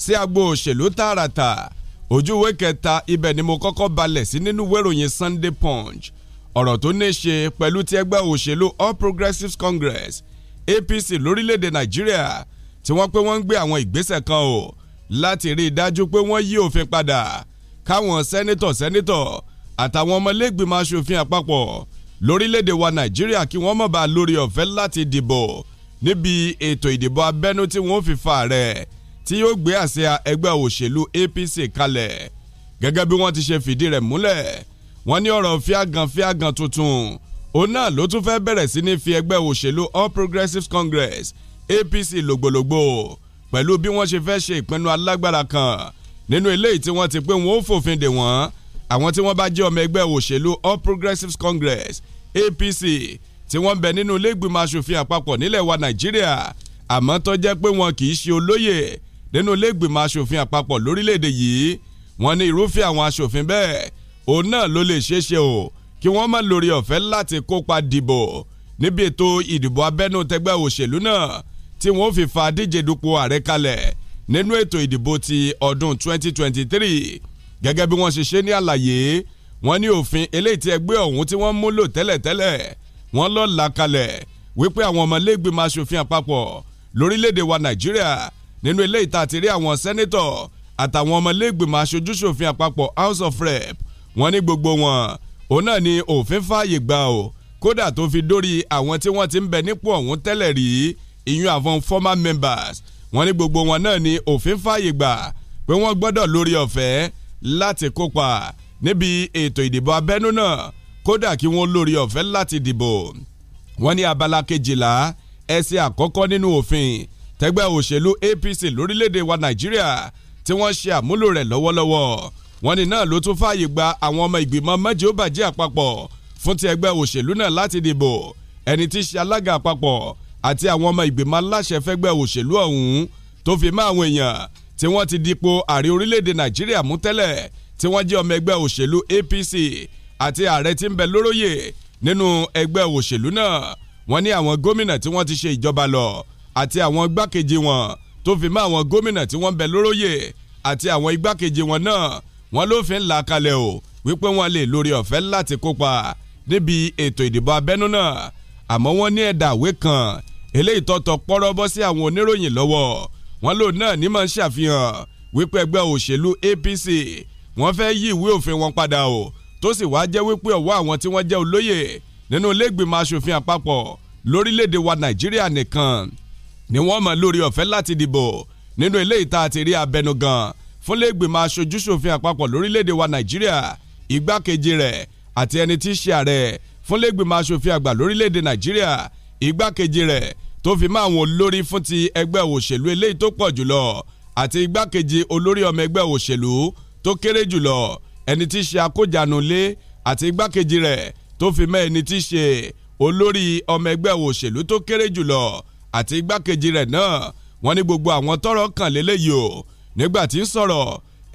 sí agbo òṣèlú tààràtà ojú ìwé kẹta ibẹ̀ ni mo kọ́kọ́ balẹ̀ sí nínú wéròyìn Sunday Punch ọ̀rọ̀ tó ní ṣe pẹ̀lú ti ẹgbẹ́ òṣèlú All Progressives Congress APC lórílẹ̀‐èdè Nàìjíríà tí wọ́n pé wọ́n ń gbé àwọn ìgbésẹ̀ kan o láti rí i dájú pé wọ́n yí òfin padà káwọn sẹ́nítọ̀ sẹ́nítọ̀ àtàwọn ọmọlẹ́gbìmọ̀ aṣòfin àpapọ̀ lórílẹ̀ wa Nàìjíríà kí wọ́n má bàa lórí ọ̀fẹ́ láti dìbò níbi ètò ìdìbò abẹ́nú tí wọ́n fi fa rẹ̀ tí yóò gbé àsíá ẹgbẹ́ òṣèlú APC kalẹ̀ gẹ́gẹ́ bí wọ́n ti ṣe fìdí rẹ̀ múlẹ̀ wọ́n ní ọ̀rọ̀ fíagàn fíagàn tuntun òun náà ló tún fẹ́ bẹ̀rẹ̀ sí ní fi ẹgbẹ́ òṣèlú All Progressives Congress APC lògbòlògbò pẹ̀lú bí wọ́n ṣe fẹ́ ṣe ìpinnu alágbára kan nínú eléyìí tí wọ́n ti pé wọ́n ó fòfin dè wọ́n àwọn tí wọ́n bá jẹ́ ọmọ ẹgbẹ́ òṣèlú All Progressives Congress APC tí wọ́n ń bẹ nínú ilé ìgbìmọ̀ asòfin àpapọ̀ nílẹ̀ wa nàìjíríà àmọ́ tó jẹ́ pé wọn kì í ṣe olóyè nínú ilé ìgbìmọ̀ asòfin àpapọ̀ lórílẹ̀‐èdè yìí wọ́n ní irúfẹ́ àwọn asòfin bẹ́ẹ̀ òun náà ló lè ṣeé ṣe o kí wọ́n má lórí ọ̀fẹ́ láti kópa dìbò níbi ètò ìdìbò abẹ́nú tẹgbẹ́ òṣèlú náà tí wọ́n fi fa díje dupò ààrẹ kalẹ̀ nínú ètò ìdìbò ti ọdún 2023 gẹ́gẹ́ bí wọ́n ṣe ṣe ní àlàyé wọ́n ní òfin eléyìí tí ẹgbẹ́ ọ̀hún tí wọ́n mú lò tẹ́lẹ̀tẹ́lẹ̀ wọ́n lọ là kalẹ̀ wípé àwọn ọmọlẹ́gbẹ̀mọ aṣòfin àpapọ̀ lórílẹ̀‐èdè wa nàìjíríà nínú ilé ìta àti rí àwọn sẹ́nẹ́tọ̀ àtàwọn ọmọlẹ́gbẹ̀mọ aṣojúṣòfin àpapọ̀ house of rep wọ́n ní gbogbo wọn òun náà ni òfin fààyè gbà o kódà tó fi dórí àwọn tí wọ́n ti ń bẹ nípò ọ̀hún tẹ́lẹ̀ rí ìyún àwọn former members wọ́n ní gbogbo wọn náà ni òfin fààyè gbà pé wọ́n gbọ́dọ̀ lórí ọ̀fẹ́ láti kópa níbi ètò ìdìbò abẹ́nú náà kódà kí wọ́n lórí ọ̀fẹ́ láti dìbò wọ́n ní abala kejìlá ẹsẹ̀ àkọ́kọ́ nínú òfin tẹ́gbẹ́ òṣèlú APC lórílẹ̀‐èdè wa Nàìjíríà tí wọ́n ṣe àmúlò rẹ̀ lọ́wọ́lọ́wọ́ wọ́n ní náà ló tún fààyè gba àwọn ọmọ ìgbìmọ̀ mẹ́jọ bàjẹ́ àpapọ̀ fún ti ẹgbẹ́ òṣèlú náà láti dìbò ẹni tí í ṣe alága àpapọ̀ àti àwọn ọmọ ìgbìmọ̀ aláṣẹ fẹ́gbẹ́ òṣèlú ọ̀hún tó fi mọ́ àwọn èèyàn tí wọ́n ti dipò ààrẹ orílẹ̀‐èdè Nàìjíríà mú tẹ́lẹ̀ tí wọ́n jẹ́ ọmọ ẹgbẹ́ òṣèlú APC àti ààrẹ tí ń bẹ lóróyè nínú ẹgbẹ́ òṣèlú náà wọ́n ní àwọn gómìnà tí wọ́n ti ṣe ìjọba lọ àti àwọn igbákejì wọn tó fi mọ́ àwọn gómìnà tí wọ́n ń bẹ lóróyè àti àwọn igbákejì wọn náà wọ́n ló fi ń là kalẹ̀ o wípé wọ́n lè lórí ọ̀fẹ́ láti kópa níbi ètò ìdìbò abẹ́nú náà àmọ́ wọ́n ní ẹ̀dà àwé kan eléyìí tọ́tọ̀ pọ́rọ́ bọ́ sí àwọn oníròyìn lọ́wọ́ wọ́n lò náà ní máa ń ṣàfihàn wípé ẹgbẹ́ òṣèlú APC wọ́n fẹ́ yí ìwé òfin wọn padà o tó sì wá jẹ́ wípé ọ̀wọ́ àwọn tí wọ́n jẹ́ olóyè nínú ilégbìmọ̀ asòfin àpapọ̀ lórílẹ̀‐èdè wa nàìjíríà nìkan ni wọ́n mọ̀ lórí ọ̀fẹ́ láti dìbò nínú ilé ìta àti rí abẹnugan fún ilégbìmọ̀ aṣojúṣòfin àpapọ̀ lórílẹ̀‐èdè wa nàìjíríà igbákejì rẹ̀ àti ẹni tí í ṣe ààrẹ fún ilégbìmọ̀ aṣòfin àgbà lórílẹ̀‐èdè nàìjíríà igbákejì rẹ̀ tó fi mọ́ àwọn olórí fún ti ẹgbẹ́ òṣèlú eléyìí tó pọ̀ jùlọ àti igbákejì olórí ọmọ ẹgbẹ́ òṣèlú tó kéré jùlọ ẹni tí í ṣe akójanulé àti igbákejì rẹ̀ tó fi mẹ́ ẹni tí í ṣe olórí ọmọ ẹgbẹ́ òṣèlú tó kéré jùlọ àti igbákejì rẹ̀ náà wọ́n ní gbogbo àwọn tọ́rọ̀ kàn lélẹ́yìí o nígbà tí ń sọ̀rọ̀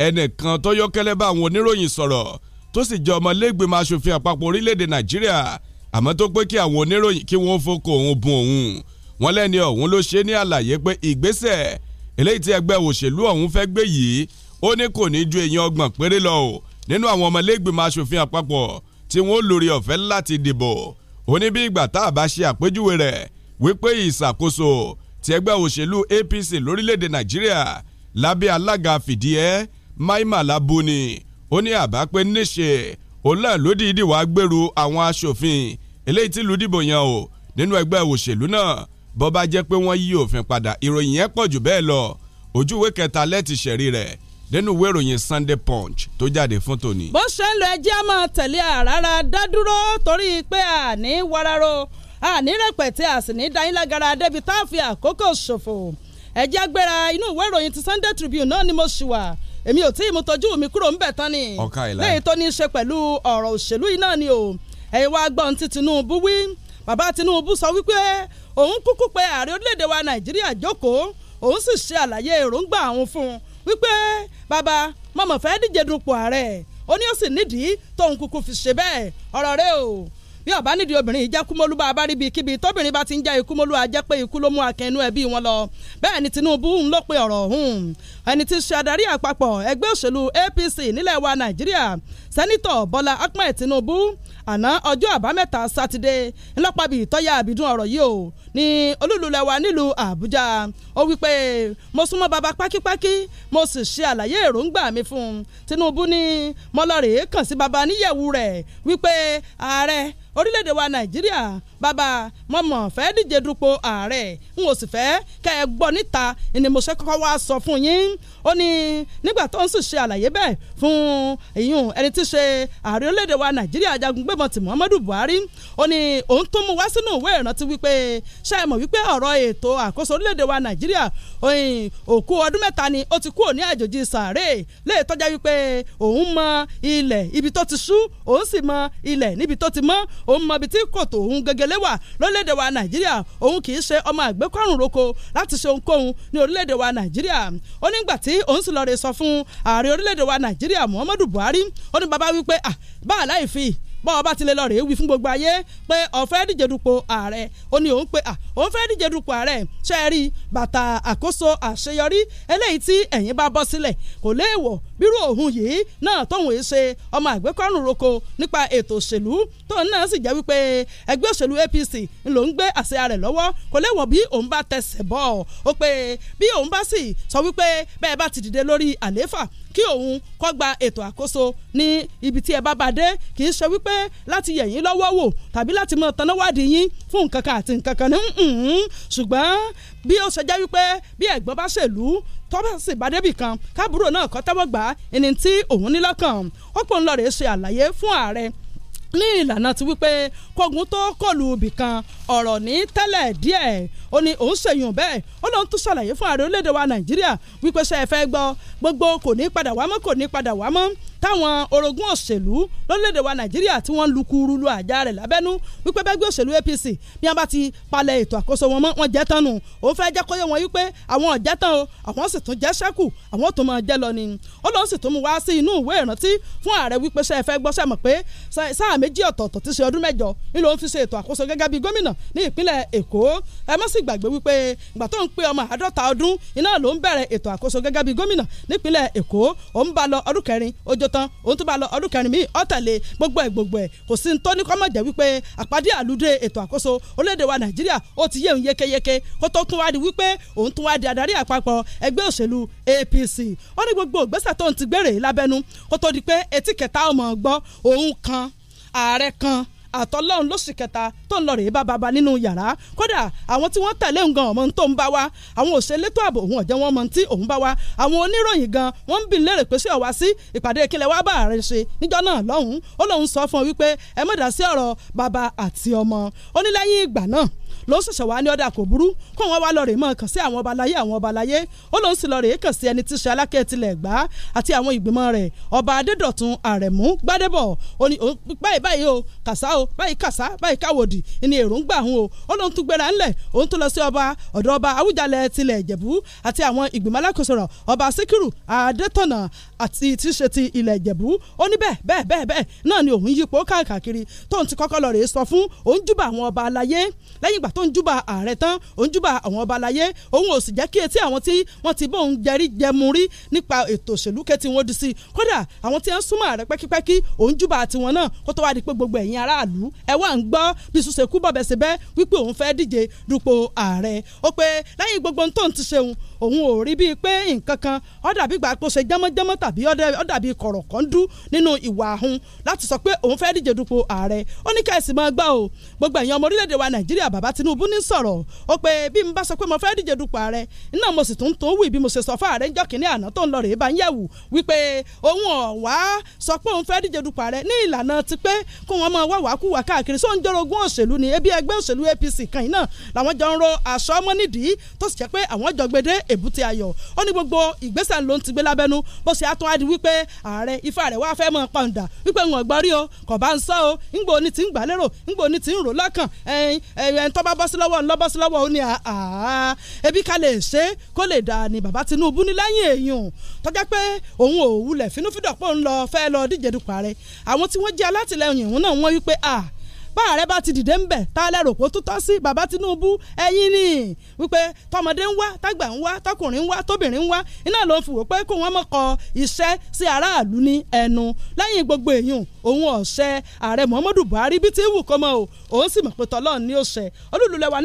ẹnìkan tó yọ́kẹ́lẹ́ bá àwọn oníròyìn sọ̀rọ̀ tó sì jẹ́ ọmọlẹ́gbẹ̀mọ aṣòfin àpapọ̀ orílẹ̀-èdè nàìjíríà àmọ́ tó pé kí àwọn oníròyìn kí wọ́n fọkọ òun bun òun wọ́n lẹ́ni ọ̀hún ló ṣe ní àlàyé pé ìgbésẹ̀ eléyìí tí ẹgbẹ́ òṣèlú ọ̀hún fẹ́ gbé yìí ó ní kò ní ju èèyàn ọgbọ̀n péré lọ o nínú àwọn ọmọlẹ́gbìmọ̀ asòfin àpapọ̀ tí wọ́n lórí ọ̀fẹ́ láti dìbò ó ní bí ìgbà tá a bá ṣe àpéjúwe rẹ̀ wípé ìṣàkóso ti ẹgbẹ́ òṣèlú APC lórílẹ̀‐èdè Nàìjíríà lábẹ́ alága fìdíẹ́ Maimala Buni ó ní àbá pé níṣe òun náà ló dìídì wá gbèrú àwọn asòfin eléyìí tí lù dìbò yàn o nínú ẹgbẹ́ òṣèlú náà bó bá jẹ́ pé wọ́n yí òfin padà ìròyìn yẹn pọ̀ jù bẹ́ẹ̀ lọ ojúwe kẹta lẹ́ẹ̀tì ṣẹ̀rí rẹ̀ nínú ìwé ìròyìn Sunday Punch tó jáde fún tòní. bó ṣe ń lo ẹjẹ́ a máa tẹ̀lé àràrà dádúró torí pé àní wararo àní rẹpẹtẹ àsìní dáyínlágara débi tá a fi àkókò ṣòfò ẹjẹ́ gbéra inú ìwé ìròyìn ti Sunday Tribune náà ni mo ṣì wà èmi ò tí ì mú tọ́jú mi kúrò ń bẹ̀ tán ni lẹ́yìn tó ní í ṣe pẹ̀lú ọ̀rọ̀ òṣèlú yìí náà ni o ẹ̀yin wá gbọ́n ti Tinubu wí bàbá Tinubu sọ wípé òun kúkú pé ààrẹ orílẹ̀-èdè wa Nàìjíríà jókòó òun sì ṣe àlàyé èròǹgbà àwọn fún un wípé bàbá mọ̀mọ́ fẹ́ díje dupò ààrẹ ó ní ó sì nídìí tóun kúkú fi ṣe bẹ́ẹ̀ ọ̀rọ̀ rẹ o bí ọba nídìí obìnrin ìjẹ́ kúmọ́lú bá a bá rí ibi kíbi tóbìnrin bá ti ń jẹ́ ikúmọ́lú ajẹ́ pé ikú ló mú akẹ́nu ẹbí wọn lọ bẹ́ẹ̀ ni Tinubu ń ló pe ọ̀rọ̀ ọ̀hún ẹni tí ṣe adarí àpapọ̀ ẹgbẹ́ òṣèlú APC nílẹ̀ wa Nàìjíríà sẹ́nitọ̀ Bọ́lá Ahmed Tinubu àná ọjọ́ àbámẹ́ta sátidé ńlọ́pàbí ìtọ́yà àbídún ọ̀rọ̀ yìí o ní olúlulẹ̀ wa nílùú Àbújá ó wí pé mo súnmọ́ baba pákípákí mo sì ṣe àlàyé èròǹgbà mi fún un Tinubu ní mọ́lọ́rẹ̀ẹ́ kàn sí baba níyẹ̀wù rẹ̀ wípé ààrẹ orílẹ̀ wa nàìjíríà bàbá mọ̀mọ́ fẹ́ díje dupò ààrẹ n ò sì fẹ́ kẹ́ ẹ gbọ́ níta ni mo ṣe kọ́kọ́ wá sọ fún yín ó ní nígbà tó ń sì ṣe àlàyé bẹ́ẹ̀ fún ìyún ẹni tí ti ṣe ààrẹ orílẹ̀-èdè wa nàìjíríà jagungbẹ̀mọ̀ tí muhammadu buhari ó ní òun tó mú wá sínú ìwé ìrántí wípé ṣe é mọ̀ wípé ọ̀rọ̀ ètò àkóso orílẹ̀-èdè wa nàìjíríà òkú ọdún mẹ́ta ni ó ti kú òní àjòjì sàárè lè tọ́já wípé òun mọ ilẹ̀ ibi tó ti òun sì mọ ilẹ̀ níbi tó ti mọ́ òun mọ ibi tí kòtò bàbá wípé ah báà láì fi bọ́n ọba ti lè lọ rèé wí fún gbogbo ayé pé ọ̀fẹ́ díje dupò ààrẹ ó ní òun pé à òun fẹ́ díje dupò ààrẹ ṣe é rí bàtà àkóso àṣeyọrí eléyìí tí ẹ̀yin bá bọ́ sílẹ̀ kò léèwọ̀ bírú òun yìí náà tóun èé ṣe ọmọ àgbékọ́rùn roko nípa ètò òṣèlú tóun náà sì jẹ́ wípé ẹgbẹ́ òṣèlú APC ló ń gbé àsíá rẹ̀ lọ́wọ́ kò léwọ̀n bí òun bá tẹsẹ̀ bọ̀ ó pé bí òun bá sì sọ wípé bẹ́ẹ̀ bá ti dìde lórí àlééfà kí òun kó gba ètò àkóso ní ibi tí ẹ bá bá dé kì í ṣe wípé láti yẹ̀ lọ́wọ́ wò tàbí láti mọ tanáwádìí yín fún nǹkan kan àti nǹkan kan ní ṣùgbọ́n bí ó ṣe jẹ́ wípé bí ẹ̀gbọ́n bá ṣèlú tọ́ba sì bá débì kan kábúrò náà kọ́ tẹ́wọ́ gbà ẹni tí òun ní lọ́kàn ó pòun lọ́ọ́ rẹ̀ ṣe àlàyé fún ààrẹ ní ìlànà ti wípé kógun tó kọlù ibìkan ọ̀rọ̀ ní tẹ́lẹ̀ díẹ̀ ó ní òun ṣèyùn bẹ́ẹ̀ ó lóun tún ṣàlàyé fún ààrẹ orílẹ̀-èdè wa nàìjíríà wípé ṣe é fẹ́ gbọ́ gbogbo kò ní padà wá mọ́ kò ní padà wá mọ́ táwọn orogún òṣèlú lórílẹ̀‐èdè wa nàìjíríà tí wọ́n lu kúrú lu àjà rẹ̀ lábẹ́nú wípé bẹ́ẹ̀ gbé òṣèlú apc bí wọ́n bá ti palẹ̀ ètò àkóso wọn mọ́ wọn jẹ́ tán nù òun fẹ́ jẹ́ kóyè wọn yí pé àwọn ọ̀jẹ́ tán o àwọn sì tún jẹ́ sẹ́kù àwọn tó máa jẹ́ lọ ni ó lọ́n sì tún mú wá sí inú ìwé ìrántí fún ààrẹ wípé ṣe fẹ́ gbọ́ sẹ́mọ̀ pé sáà méjì ọ̀tọ̀ọ̀tọ̀ ti ṣe ọdún mẹ́jọ nílò ó fi ṣe ètò àkóso gẹ́gẹ́ bí gómìnà ní ìpínlẹ̀ èkó ẹ má sì gbàgbé wípé ìgbà tó ń pé ọmọ àádọ́ta ọdún iná ló ń bẹ̀rẹ̀ ètò àkóso gẹ́gẹ́ bí gómìnà nípínlẹ̀ èkó òun bá lọ ọdún kẹrin ọjọ́ tán òun tún bá lọ ọdún kẹrin míì ọ̀tẹ̀lẹ̀ gbogbo ẹ̀ gbogbo ẹ̀ kò sí tó ní kọ́mọ̀ jẹ́ wípé àpàdé àlùdé ètò àkóso orílẹ̀-èdè wa nàìjíríà ó ti yé yékéyéké kó tó tún wá di wípé òun tún wá di adarí àpapọ̀ ẹgbẹ́ òṣèlú APC ó ní gbogbo ìgbésẹ̀ tó ń ti gbére lábẹ́nu kó tó di pé etí kẹta ọmọ gbọ́ òun kan ààrẹ kan àtọ́lọ́run lóṣù kẹta tó ń lọ rèé bá baba nínú yàrá kódà àwọn tí wọ́n tẹ̀lé nǹkan ọ̀mọ́ tó ń bá wa àwọn òṣèlétò ààbò òun ọ̀jẹ̀ wọn mọ̀ tí òun bá wa àwọn oníròyìn gan wọ́n ń bì lérè pé ṣé ọ̀wá sí ìpàdé kílẹ̀ wá bá ààrẹ ṣe níjọ́ náà lọ́hùn-ún ó lóun sọ fún ọ wípé ẹ mọ̀dà sí ọ̀rọ̀ baba àti ọmọ ó ní lẹ́yìn ìgbà náà ló ṣẹ̀ṣẹ̀ wá ní ọ̀dà kò burú kó wọn wá lọ rèé mọ́ kàn sí àwọn ọba aláyé àwọn ọba aláyé ó lóun sì lọ rèé kàn sí ẹni tí ṣe alákẹ́ tilẹ̀ gbá àti àwọn ìgbìmọ̀ rẹ̀ ọba adédọ̀tun àrẹ̀mú gbádébọ̀ báyìí báyìí o kàsá o báyìí kàsá báyìí káwòdì ni èròǹgbà òun o ó lóun tún gbéra ńlẹ̀ òun tún lọ sí ọba ọ̀dọ̀ ọba awújalẹ̀ tilẹ̀ ìjẹ̀bú àti àwọn ìgbìmọ̀ alákòóso rẹ̀ ọba síkírù adétọ̀nà àti tíṣe ti ilẹ̀ ìjẹ̀bú ó ní bẹ́ẹ̀ bẹ́ẹ̀ bẹ́ẹ̀ bẹ́ẹ̀ náà ni òun yípo káàkiri tóun ti kọ́kọ́ lọ rèé sọ fún òun júbà àwọn ọba aláyé lẹ́yìn ìgbà tó ń júbà ààrẹ tán òun júbà àwọn ọba aláyé òun ò sì jẹ́ kí etí àwọn tí wọ́n ti bóun jẹrí jẹmu rí nípa ètò òṣèlú kẹ́tì wọn di sí i kódà àwọn tí wọ́n súnmọ́ ààrẹ pẹ́kípẹ́kí òun júbà tiwọn náà kó tó wá di pé gbogbo ẹ̀yin aráàlú ẹ wá ń gbọ́ bí sùsè kú bọ̀bẹ̀ síbẹ̀ wípé òun fẹ́ díje dupò ààrẹ ó pé lẹ́yìn gbogbo tóun ti ṣeun òun ò rí bíi pé nǹkan kan ó dàbí gbà ṣe jámọ́jámọ́ tàbí ó dàbí kọ̀rọ̀ kan dú nínú ìwà ahun láti sọ pé òun fẹ́ díje dupò ààrẹ ó ní kẹ́sì máa gbà o gbogbo ẹ̀yin ọmọ orílẹ̀-èdè wa Nàìjíríà bàbá ti Tinubu ní sọ̀rọ̀ ó pé bí n bá sọ pé mo fẹ́ díje dupò ààrẹ iná mo sì tún tó wì bí mo ṣe sọ fún ààrẹ ńjọ́ kínní àná tó ń lọ rèé bá ń yẹ̀wò wípé òun ọ̀wá sọ pé òun fẹ́ díje dupò ààrẹ ní ìlànà ti pé kó wọn máa wáwá kú wá káàkiri sóun jọrogún òṣèlú ni ebi ẹgbẹ́ òṣèlú APC kan iná làwọn jọ ń ro aṣọ ọmọ nídìí tó sì jẹ́ pé àwọn jọ gbede èbúté ayọ̀ ó ní gbogbo ìgbésẹ̀ ló ń ti gbé lábẹ́nu bó ṣe àtún adi wípé ààrẹ ifá rẹ̀ wá fẹ́ mọ́ pàǹdà wípé wọn gbọ́ rí o kò bá ń sọ o ńgbò ní ti ń gbà lérò ńgbò ti ń rò lọ́kàn ẹ̀yìn ẹ̀yìn tó bá bá bọ́ sí lọ́wọ́ ń lọ́ bọ́ sí lọ́wọ́ ó ní àá ah, ah, ebi ká lè ṣe kó lè dà ní bàbá Tinubu ní lẹ́yìn èèyàn tọ́jà pé òun ò wulẹ̀ fínúfíndọ̀ pé òun lọ fẹ́ lọ díje dupò ààrẹ àwọn tí wọ́n jẹ́ alátìlẹyìn òun náà wọ́n wí pé àá ah, ààrẹ bá ti dìde ń bẹ̀ tá a lẹ́rò sí bàbá Tinubu ẹ̀yìn ni wípé tọmọdé ń wá tágbà ń wá tọkùnrin ń wá tóbìnrin ń wá iná ló ń fi pé kó wọn mọ̀ kọ iṣẹ́ sí aráàlú ní ẹnu lẹ́yìn gbogbo èèyàn òun ọ̀sẹ̀ ààrẹ Muhammadu Buhari bíi ti wù kọ́mọ o òun sì mọ̀ pé tọ́lọ́ọ̀ olúlulẹ̀ wa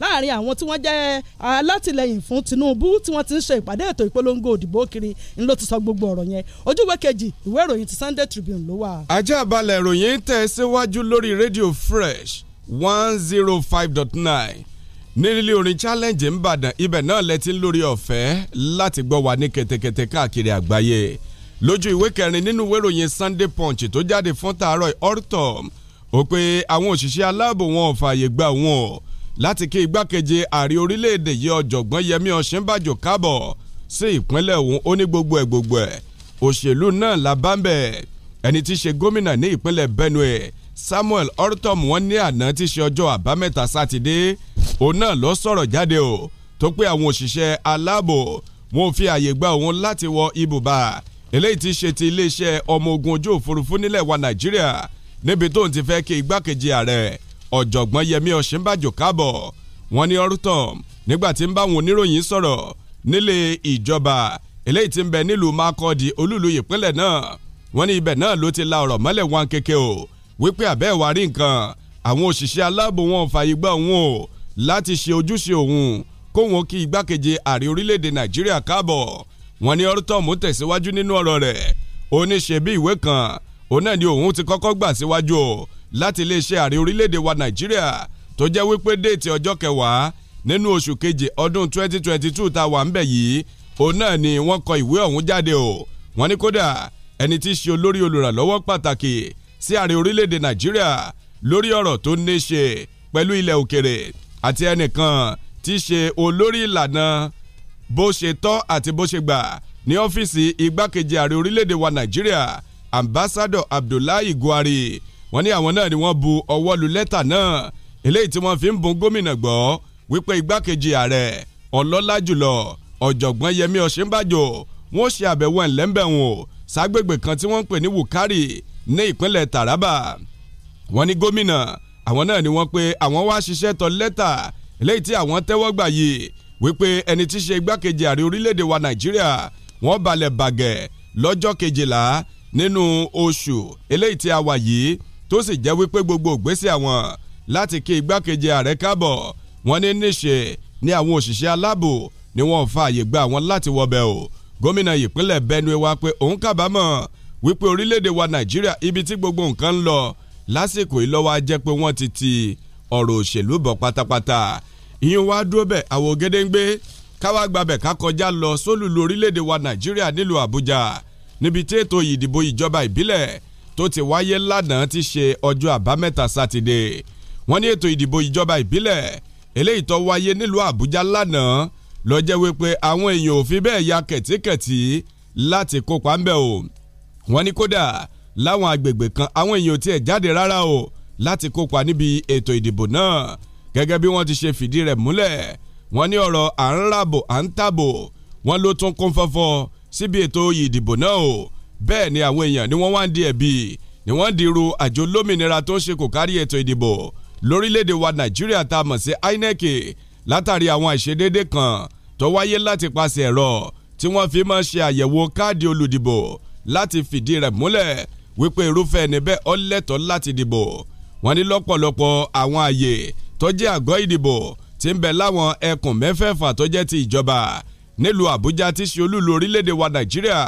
láàrin àwọn tí wọ́n jẹ́ alátìlẹyìn fún Tinubu tí wọ́n ti ń ṣe ìpàdé ètò ìpolongo òdìbò kiri ń ló ti sọ gbogbo ọ̀rọ̀ yẹn ojúwe kejì ìwé ìròyìn ti Sunday Tribune ló wà. ajá balẹ̀ ìròyìn tẹ̀ síwájú lórí rédíò Fresh one zero oh five dot nine nílé orin challenge ńbàdàn ibẹ̀ náà lẹ́tí lórí ọ̀fẹ́ láti gbọ́ wa ní kẹ̀tẹ̀kẹ̀tẹ̀ káàkiri àgbáyé lójú ìwé kẹrin nínú ìwé ìròyìn Sunday Punch tó jáde fún tàárọ̀ ortom ó pé àwọn òṣìṣẹ́ aláàbò wọn ò fààyè gbà wọn láti kí igbákejì ààrẹ orílẹ̀-èdè yìí ọ̀jọ̀gbọ́n Yẹmí Ọ̀ṣínbàjò káàbọ̀ sí ìpínlẹ̀ òun ó ní gbogbo ẹ̀ gbogbo ẹ̀ òṣèlú náà la bá ń bẹ̀ ẹni tí í ṣe gómìnà ní ìpínlẹ̀ Benue Samuel Ortom wọn ní àná tí í ṣe ọjọ́ àbámẹ́ta sátidé òun náà lọ sọ̀rọ̀ jáde o tó pé àwọn òṣìṣẹ́ aláàbò wọn ò fi àyè gba òun láti wọ ibùba eléyìí tí ṣe ti iléeṣẹ́ ọmọ ogun ojú òfurufú nílẹ̀ wa Nàìjíríà níbi tóun ti fẹ́ kí igbákejì ààrẹ ọ̀jọ̀gbọ́n yẹmi ọ̀ṣínbàjò káàbọ̀ wọ́n ní ọrùtàn nígbà tí ń bá àwọn oníròyìn sọ̀rọ̀ nílé ìjọba eléyìí tí ń bẹ nílùú Makurdi olúlu ìpínlẹ̀ náà wọ́n ní ibẹ̀ náà ló ti la ọ̀rọ̀ mọ́lẹ̀ wọn kéke o wípé àbẹ́ ìwà rí nǹkan àwọn òṣìṣẹ́ aláàbò wọn fàyè gbà òun o láti ṣe ojúṣe òun kóhun kí igbákejì ààrẹ orílẹ̀-èdè Nàìjíríà káàbọ̀ wọ́n ní ọrùtàn mú tẹ̀síwájú nínú ọ̀rọ̀ rẹ̀ oníṣẹ́bí ìwé kan òun náà ni òun ti kọ́kọ́ gbà síwájú o láti iléeṣẹ́ ààrẹ orílẹ̀-èdè wa nàìjíríà tó jẹ́ wípé déètì ọjọ́ kẹwàá nínú oṣù keje ọdún 2022 tá a wà ń bẹ̀ yìí òun náà ni wọ́n kọ ìwé ọ̀hún jáde o wọ́n ní kódà ẹni tí í ṣe olórí olùrànlọ́wọ́ pàtàkì sí ààrẹ orílẹ̀-èdè nàìjíríà lórí ọ̀rọ̀ tó ní ṣe pẹ̀lú ilẹ̀ òkèrè àti ẹnìkan tí í ṣe olórí ìlànà bó ṣe tọ́ àti bó ṣe gbà ní ọ́fíìsì igbákejì ààrẹ orílẹ̀-èdè wa nàìjíríà ambassador abdullahi gwari wọ́n ní àwọn náà ni wọ́n bu ọwọ́ lu lẹ́tà náà eléyìí tí wọ́n fi ń bun gómìnà gbọ́ wípé igbákejì ààrẹ ọlọ́lá jùlọ ọ̀jọ̀gbọ́n yẹmí ọ̀ṣínbàjò wọ́n ṣe àbẹ̀wò ẹ̀lẹ́ńbẹ̀wò ságbègbè kan tí wọ́n ń pè ní wukari ní ìpínlẹ̀ taraba wọ́n ní gómìnà àwọn náà ni wọ́n pé àwọn wá ṣiṣẹ́ tọ lẹ́tà eléyìí tí àwọn tẹ́wọ́ gbà yìí wípé ẹni tí í ṣe igbákejì ààrẹ orílẹ̀-èdè wa nàìjíríà wọ́n balẹ̀ bàgẹ́ lọ́jọ́ kejìlá nínú oṣù eléyìí tí a wà yìí tó sì jẹ́ wípé gbogbo ògbésẹ̀ àwọn láti kí igbákejì ààrẹ káàbọ̀ wọ́n ní níṣe ní àwọn òṣìṣẹ́ aláàbò ni wọ́n fa àyè gba àwọn láti wọbẹ̀ o gómìnà ìpínlẹ̀ Benue wa pé òun kábàámọ̀ wípé orílẹ̀-èdè wa Nàìjíríà ibi tí gbogbo nǹkan ń lọ lásìkò yìí lọ́wọ́ á jẹ́ pé wọ́n ti ti ọ̀rọ̀ òṣèlú bọ̀ pátápátá ìyẹn wá dúró bẹ̀ àwọ̀ gédéǹgbé káwá gbabẹ̀ ká kọjá lọ sólùlù orílẹ̀-èdè wa Nàìjíríà nílùú Àbújá níbi tí ètò ìdìbò ìjọba ìbílẹ̀ tó ti wáyé lánàá ti ṣe ọjọ́ àbámẹ́ta sátidé wọ́n ní ètò ìdìbò ìjọba ìbílẹ̀ eléyìí tó wáyé nílùú àbújá lánàá ló jẹ́ wípé àwọn èèyàn ò fi bẹ́ẹ̀ ya kẹ̀tíkẹ̀tí láti kópa ńbẹ̀ o wọ́n ní kódà láwọn agbègbè kan àwọn èèyàn ò tiẹ̀ jáde rárá o láti kópa níbi ètò ìdìbò náà gẹ́gẹ́ bí wọ́n ti ṣe fìdí rẹ̀ múlẹ̀ wọ́n ní ọ̀rọ̀ à ń ràbò à ń tàbò wọ́n ló tún kún fọ́fọ́ síbi ètò ìdìbò náà o bẹ́ẹ̀ ni àwọn èèyàn ni wọ́n wá ń di ẹ̀bi ni wọ́n ń dirú àjọ lómìnira tó ń ṣe kò kárí ètò ìdìbò lórílẹ̀‐èdè wa nàìjíríà tá a mọ̀ sí INEC látàrí àwọn àìṣedédé kan tó wáyé láti paṣẹ ẹ̀rọ tí wọ́n fi máa ṣe àyẹ̀wò káàdì olùdìbò láti fìdí rẹ̀ múlẹ̀ wípé irúfẹ́ ẹni bẹ́ẹ̀ ó lẹ́tọ̀ọ́ láti dìbò wọ́n ní lọ́pọ̀lọpọ̀ àwọn àyè tó jẹ́ àgọ́ ìdìbò tí ń bẹ láwọn ẹkùn mẹ́fẹ̀ẹ̀fà tó jẹ́ ti ìjọba nílùú àbújá tí ṣe olúlu orílẹ̀-èdè wa nàìjíríà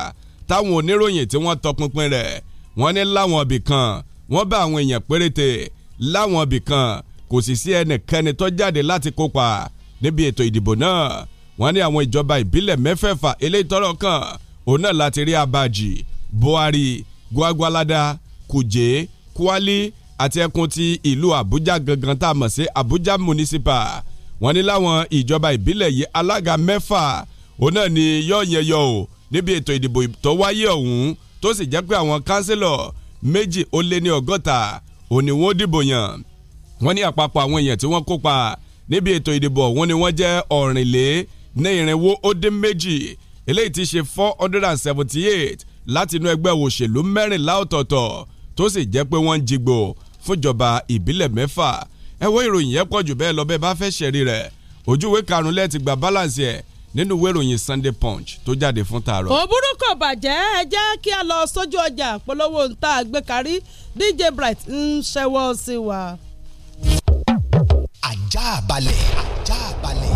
táwọn oníròyìn tí wọ́n tọpinpin rẹ̀ wọ́n ní láwọn ibì kan wọ́n bá àwọn èèyàn péréte láwọn ibì kan kò sì sí ẹnìkẹ́ni tó jáde láti kópa níbi ètò ìdìbò náà wọ́n ní àwọn ìjọba ìbílẹ̀ mẹ́fẹ̀ẹ̀fà eléyìí tọ́rọ̀ òun náà láti rí Abaji Buhari Gwagwalada Kuje Kwali àti ẹkùn ti ìlú Àbújá gangan tá a mọ̀ sí Àbújá municipal wọ́n ní láwọn ìjọba ìbílẹ̀ yìí alága mẹ́fà òun náà ni yóò níbi ètò ìdìbò tó wáyé ọ̀hún tó sì jẹ́ pé àwọn kánsílọ̀ méjì ó lé ní ọgọ́ta òní wọn ó dìbò yàn wọ́n ní àpapọ̀ àwọn èèyàn tí wọ́n kópa níbi ètò ìdìbò ọ̀hún ni wọ́n jẹ́ ọ̀rìnlé ní irinwó ó dín méjì eléyìí ti ṣe four hundred and seventy eight láti inú ẹgbẹ́ òṣèlú mẹ́rìnlá ọ̀tọ̀ọ̀tọ̀ tó sì jẹ́ pé wọ́n ń jigbò fúnjọba ìbílẹ̀ mẹ́fà ẹ wo ìròyìn yẹn pọ̀ jù bẹ́ẹ̀ lọ bá fẹ́ ṣẹ̀rí rẹ̀ ojúwe karùn lẹ́ẹ̀tì gba balance yẹn nínú ìwé ìròyìn Sunday Punch tó jáde fún tààrọ. òbúrú kò bàjẹ́ ẹ jẹ́ kí a lọ sójú ọjà polówó ntá àgbékarí DJ Bright ń ṣẹ́wọ́ sí wa. ajá balẹ̀ ajá balẹ̀.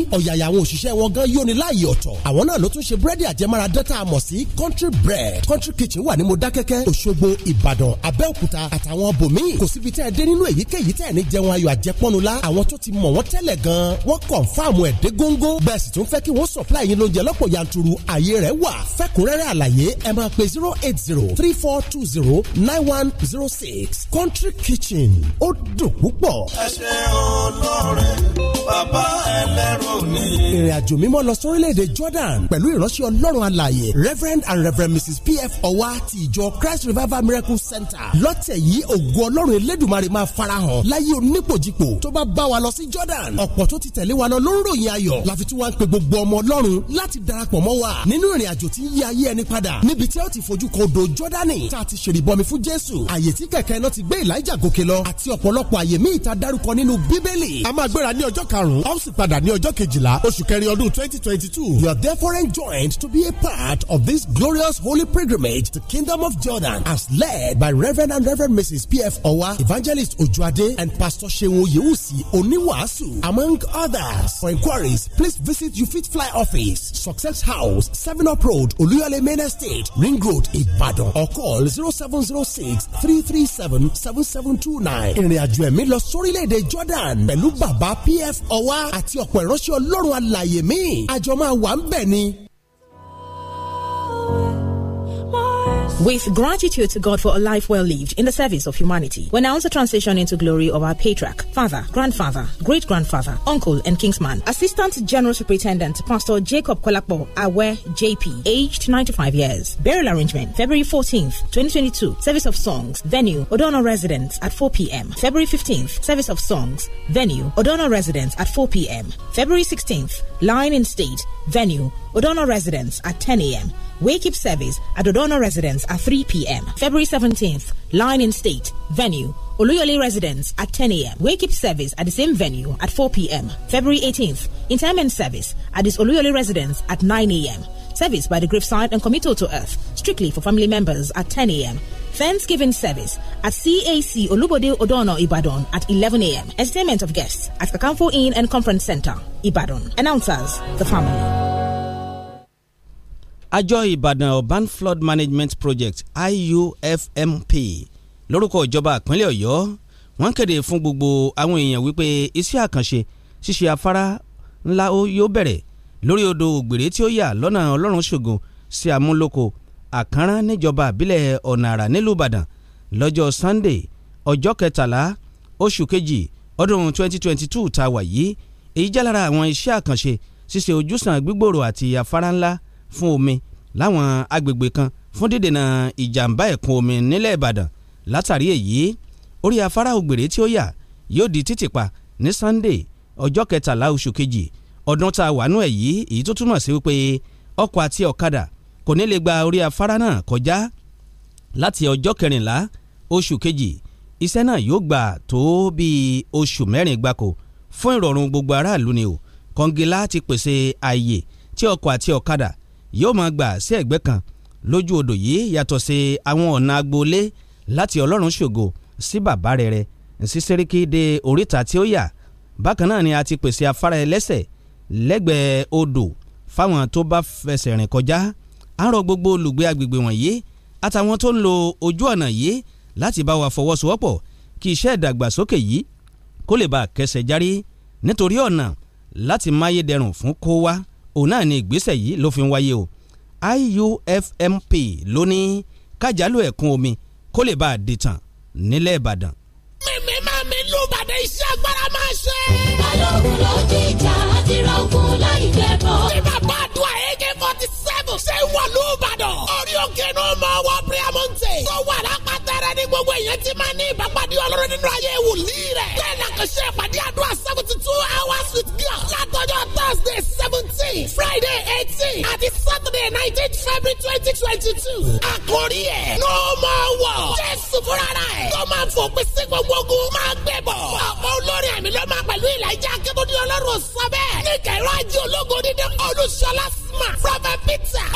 ní àwọn òṣìṣẹ́ wọn gan yóni láàyè ọ̀tọ̀ àwọn náà ló tún ṣe búrẹ́dì àjẹmára dẹ́ta àmọ̀ sí country bread country kitchen wà ní Modákẹ́kẹ́ Òṣogbo Ìbàdàn Abẹ́òkúta àtàwọn bòmíì kò síbi tẹ́ ẹ dé nínú èyíkéyìí tẹ́ ẹ ní jẹun ayọ̀ àjẹpọ́nu la àwọn tó ti mọ̀ wọ́n tẹ́lẹ̀ gan wọ́n kàn fáàmù ẹ̀dẹ́ góńgó bẹ́ẹ̀ sì tún fẹ́ supply yín lóúnjẹ lọ́pọ̀ yanturu ààyè rẹ̀ wà fẹ́kúnrẹ́rẹ́ àlàyé zero eight zero three four two zero nine one zero six country kitchen ó dùn bàbá ẹlẹ́rọ ìrìn àjò mímọ́ lọ sórílẹ̀-èdè Jordan pẹ̀lú ìránṣẹ́ Ọlọ́run alààyè Reverend and Reverend Mrs P.F. Ọwa ti ìjọ Christ Revival Miracle Center lọ́tẹ̀ yìí ògo Ọlọ́run Elédùmarè máa farahàn láyé onípòjìpò tó bá bá wa lọ sí Jordan ọ̀pọ̀ tó ti tẹ̀lé wa lọ ló ń ròyìn ayọ̀ láfi tí wọ́n ń pe gbogbo ọmọ Ọlọ́run láti darapọ̀ mọ́ wa nínú ìrìn àjò tí ń yí ayé ẹni padà níbi tí ó ti fojú kan odò Jọ́dánì tá a ti ṣèrìbọmi fún Jésù àyè tí kẹ̀kẹ́ náà ti gbé Èlíjà gòkè lọ àti ọ̀pọ̀lọpọ̀ àyè míì ta dárúkọ nínú Bíbélì a máa gbéra ní ọjọ́ karùn-ún a sì padà ní ọjọ́ k kejìlá oṣù kẹrin ọdún twenty twenty two you are therefore enjoined to be a part of this glorious holy pilgrimage to kingdom of jordan as led by reverend and reverend mrs pf owa evangelist ojuade and pastor seun yewusi oniwaasu among others for inquiries please visit ufit fly office success house seven up road oluyale main estate ring road ibadan or call zero seven zero six three three seven seven seven two nine ìrìnàjò ẹ̀mí lọ sórílẹ̀-èdè jordan pẹ̀lú bàbá pf Owa àti ọ̀pọ̀ ìránṣẹ́ ìránṣẹ́ ọlọ́run alàyè mi àjọ máa wà ń bẹ̀ ni. With gratitude to God for a life well lived in the service of humanity, we announce the transition into glory of our patriarch, father, grandfather, great grandfather, uncle, and kingsman, Assistant General Superintendent, Pastor Jacob Kolakbo Awe JP, aged 95 years. Burial arrangement, February 14th, 2022, service of songs, venue, Odono Residence at 4 p.m. February 15th, service of songs, venue, Odono Residence at 4 p.m. February 16th, line in state, venue, Odono Residence at 10 a.m. Wake up service at Odono Residence at 3 p.m. February 17th, Line in State, venue. Oluyole Residence at 10 a.m. Wake up service at the same venue at 4 p.m. February 18th, interment service at this Oluyole residence at 9 a.m. Service by the Graveside and Committal to Earth, strictly for family members at 10 a.m. Thanksgiving service at CAC Olubode Odono Ibadan at 11 a.m. Entertainment of guests at Kakamfo Inn and Conference Center, Ibadan. Announcers, the family. àjọ ìbàdàn urban flood management project iufmp lórúkọ ìjọba ìpínlẹ̀ ọ̀yọ́ wọ́n kéde fún gbogbo àwọn èèyàn wípé iṣẹ́ àkànṣe ṣíṣe afárá ńlá yóò bẹ̀rẹ̀ lórí odò ògbèrè tí ó yà lọ́nà ọlọ́run ṣògo sí àmúlòkọ àkànrán níjọba àbílẹ̀ ọ̀nà àrà nílùú ìbàdàn lọ́jọ́ sunday ọjọ́ kẹtàlá oṣù kejì ọdún 2022 tá a wà yìí èyí jẹ́ lára àwọn iṣẹ́ àkànṣe ṣíṣe ojúsàn gbígbòòrò àti afárá ńlá fún omi láwọn agbègbè kan fún dídènà ìjàmbá ẹ̀kún omi nílẹ̀ Ìbàdàn látàrí èyí orí afárá ògbèrè tí ó yà yóò di títì pa ní Sunday ọjọ́ kẹtàlá oṣù kejì ọdún tá a wà nú ẹ̀ yìí èyí tó túmọ̀ sí wípé ọkọ̀ àti ọ̀kadà kò ní lè gba orí afárá náà kọjá láti ọjọ́ kẹrìnlá oṣù kejì iṣẹ́ náà yóò gbà tó bíi oṣù mẹ́rin gbáko fún ìrọ̀rùn gbogbo aráàlú ni o kọ́ngilá ti pèsè ààyè tí ọkọ̀ àti ọ̀kadà yóò máa gbà sí ẹ̀gbẹ́ kan lójú odò yìí yàtọ̀ sí àwọn ọ̀nà agboolé láti ọlọ́run ṣògo sí bàbá rere sí sẹ́ríkì dé oríta tí ó yà bákan náà ni a ti pèsè afárá ẹlẹ́sẹ̀ lẹ́gbẹ̀ẹ́ odò fáwọn tó bá fẹsẹ̀ rìn kọjá à rọ gbogbo olùgbé agbègbè wọ̀nyí àtàwọn tó ń lo ojú ọ̀nà yìí láti bá wa fọwọ́sowọ́pọ̀ kí iṣẹ́ ìdàgbàsókè yìí kó lè bá a kẹsẹ̀ járí nítorí ọ̀nà láti máyédẹrùn fún kó wa òun náà ni ìgbésẹ̀ yìí ló fi ń wáyé o IUFMP ló ní kájálù ẹ̀kún omi kó lè bá a dìtàn nílẹ̀ Ìbàdàn. mímí máa mi lù bàdé iṣẹ́ agbára máa ṣe. balógun ló jíjà àti rọ́gùn láì jẹ́bọ̀. bí bàbá àdúrà AK forty seven ṣe ń wọ̀ Ìbàdàn. orí òkè ní ọmọ wọn píríàmù ń tó wà lápá bẹ́ẹ̀ ni gbogbo èèyàn ti máa ní ìbápadì ọlọ́run nínú ayé wòlíì rẹ̀. bẹ́ẹ̀ àkànṣe ìpàdé àdúrà seventy two hours with God látọjọ́ thursday seventeen friday eighteen àti saturday nineteen february twenty twenty two. àkórí ẹ̀ ló máa wọ̀ jésù fúnra rẹ̀ tó máa fòpin sí gbogbo ogun máa gbẹ bọ̀. ọ̀pọ̀ olórí ẹ̀mí ló máa pẹ̀lú ìlàjà akébódé ọlọ́run sọ bẹ́ẹ̀. ní kẹ̀rọ ajé ológo dídé olùṣọlá ma. Prọfẹ̀t Peter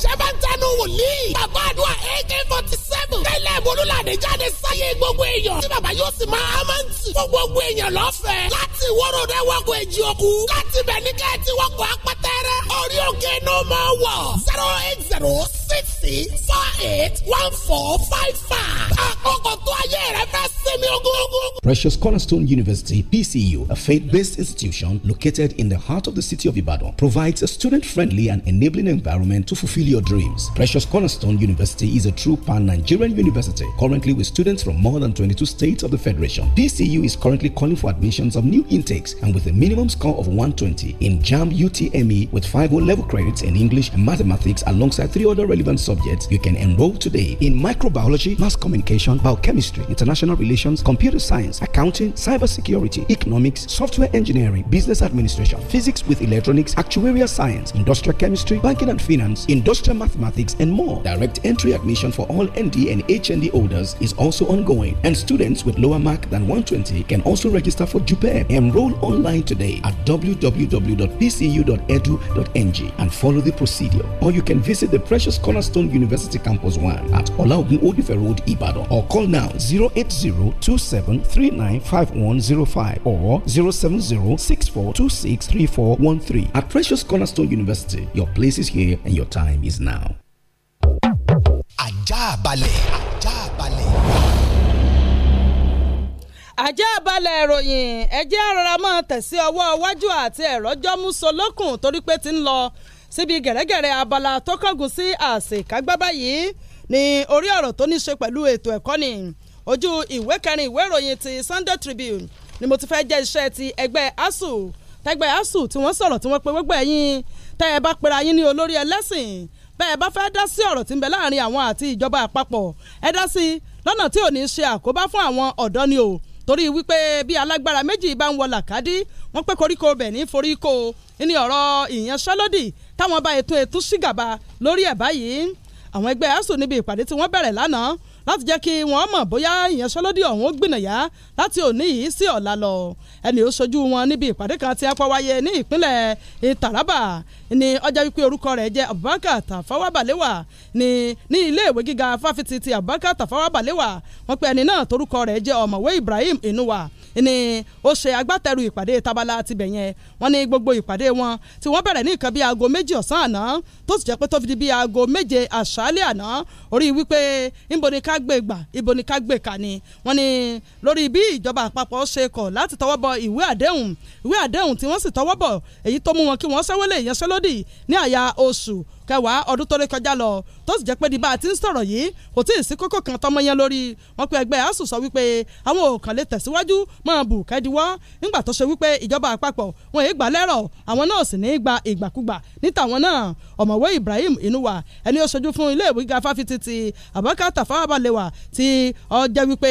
àṣẹ wòlíì. bàbá àdúrà ak forty seven. tẹ́lẹ̀ bolúlàdé jáde sáyé gbogbo èèyàn. tí bàbá yóò sì máa hámántì. fún gbogbo èèyàn lọ́fẹ̀ẹ́. láti ìwóró rẹ wọ́kọ̀ èjì òkú. láti bẹ̀ ní kẹ́ẹ̀tì wọ́kọ̀ apẹ́tẹ́rẹ́. orí òkè ló máa wọ̀. zero eight zero six six four eight one four five five. àkókò tó ayé rẹ fẹ́ sinmi ogógó. Precious Cornerstone University, PCU, a faith-based institution located in the heart of the city of Ibadan, provides a student-friendly and enabling environment to fulfill fulfill your dreams. Precious Cornerstone University is a true pan Nigerian university, currently with students from more than 22 states of the Federation. PCU is currently calling for admissions of new intakes and with a minimum score of 120 in JAM UTME with 5 level credits in English and mathematics alongside three other relevant subjects. You can enroll today in microbiology, mass communication, biochemistry, international relations, computer science, accounting, cybersecurity, economics, software engineering, business administration, physics with electronics, actuarial science, industrial chemistry, banking and finance, industrial industrial mathematics, and more. Direct entry admission for all ND and HND holders is also ongoing, and students with lower mark than 120 can also register for JUPEP. Enroll online today at www.pcu.edu.ng and follow the procedure. Or you can visit the precious Cornerstone University Campus 1 at Olaogun Odife Road, Ibadan, or call now 08027395105 or 07064263413. At Precious Cornerstone University, your place is here and your time time is now. ajá balẹ̀ ajá balẹ̀. ajá balẹ̀ ìròyìn ẹjẹ́ rárá máa tẹ̀sí ọwọ́ iwájú àti ẹ̀rọ́jọ́ mú so lókùn torí pé ti ń lọ síbi gẹ̀rẹ́gẹ̀rẹ́ abala tó kángun sí àṣekágbá báyìí ní orí ọ̀rọ̀ tó ní ṣe pẹ̀lú ètò ẹ̀kọ́ ni ojú ìwé kẹrin ìwé ìròyìn ti Sunday Tribune ni mo ti fẹ́ jẹ́ iṣẹ́ ti ẹgbẹ́ ASUU tẹgbẹ́ ASUU tí wọ́n sọ̀rọ̀ tí wọ́n pe gbogbo ẹ̀yìn tẹ́ ẹ bá pera yín ní olórí ẹlẹ́sìn bẹ́ẹ̀ bá fẹ́ dá sí ọ̀rọ̀ tí ń bẹ láàrin àwọn àti ìjọba àpapọ̀ ẹ dá sí lọ́nà tí ò ní ṣe àkóbá fún àwọn ọ̀dọ́ ni o torí wípé bí alágbára méjì bá ń wọ làkàdí wọ́n pé koríko bẹ̀ ní foríko ní ọ̀rọ̀ ìyanṣẹ́lódì táwọn bá ètò ètò ṣìgàba lórí ẹ̀ báyìí àwọn ẹgbẹ́ asòun níbi ìpàdé tí wọ́n bẹ̀rẹ̀ lánàá láti jẹ́ kí wọ́n mọ̀ bóyá ìyanṣẹ́lódì ọ̀hún ó gbìnàyà láti òní yìí sí ọ̀la lọ ẹni ó ṣojú wọn níbi ìpàdé kan tí apá wáyé ní ìpínlẹ̀ Taraba ni ọjà wípé orúkọ rẹ̀ jẹ́ Abubakar Tafawa Balewa ni ní iléèwé gíga fáfitì ti Abubakar Tafawa Balewa wọ́n pe ẹni náà torúkọ rẹ̀ jẹ́ ọ̀mọ̀wé Ibrahim Inuwa ni ó ṣe agbátẹrù ìpàdé tabala tibẹ̀ yẹn wọ́n ní gbogbo ìpàdé wọn tí wọ́n bẹ̀rẹ̀ ní nǹkan bíi aago méjì ọ̀sán àná tó sì jẹ́ pé tó fi di bíi aago méje àṣálẹ́ àná orí wípé ńbo ká gbà ibo ni ká gbé ka ni wọ́n ní lórí bí ìjọba àpapọ̀ ṣe kọ̀ láti tọwọ́ bọ ìwé àdéhùn ìwé àdéhùn tí wọ́n sì tọwọ́ bọ̀ èyí tó mú wọn kí wọ́n ṣẹ́wọ́lẹ̀ ìyanṣẹ́lódì ní àyà oṣù kẹwàá ọdún tó lé kọjá lọ tó sì jẹ́ pé di bá a ti ń sọ̀rọ̀ yìí kò tí ì sí kókó kan tọmọ yẹn lórí wọn pé ẹgbẹ́ asùn sọ wípé àwọn òkàn lè tẹ̀síwájú máa bù kẹ́díwọ́ nígbà tó ṣe wípé ìjọba àpapọ̀ wọn èé lẹ́rọ̀ àwọn náà sì ní gba ìgbàkúgbà ní tàwọn náà ọ̀mọ̀wé Ibrahim Inuwa ẹni ó ṣojú fún ilé ìwé gíga fáfitì ti Abubakar Tafawa Balewa ti ọjẹ́ wípé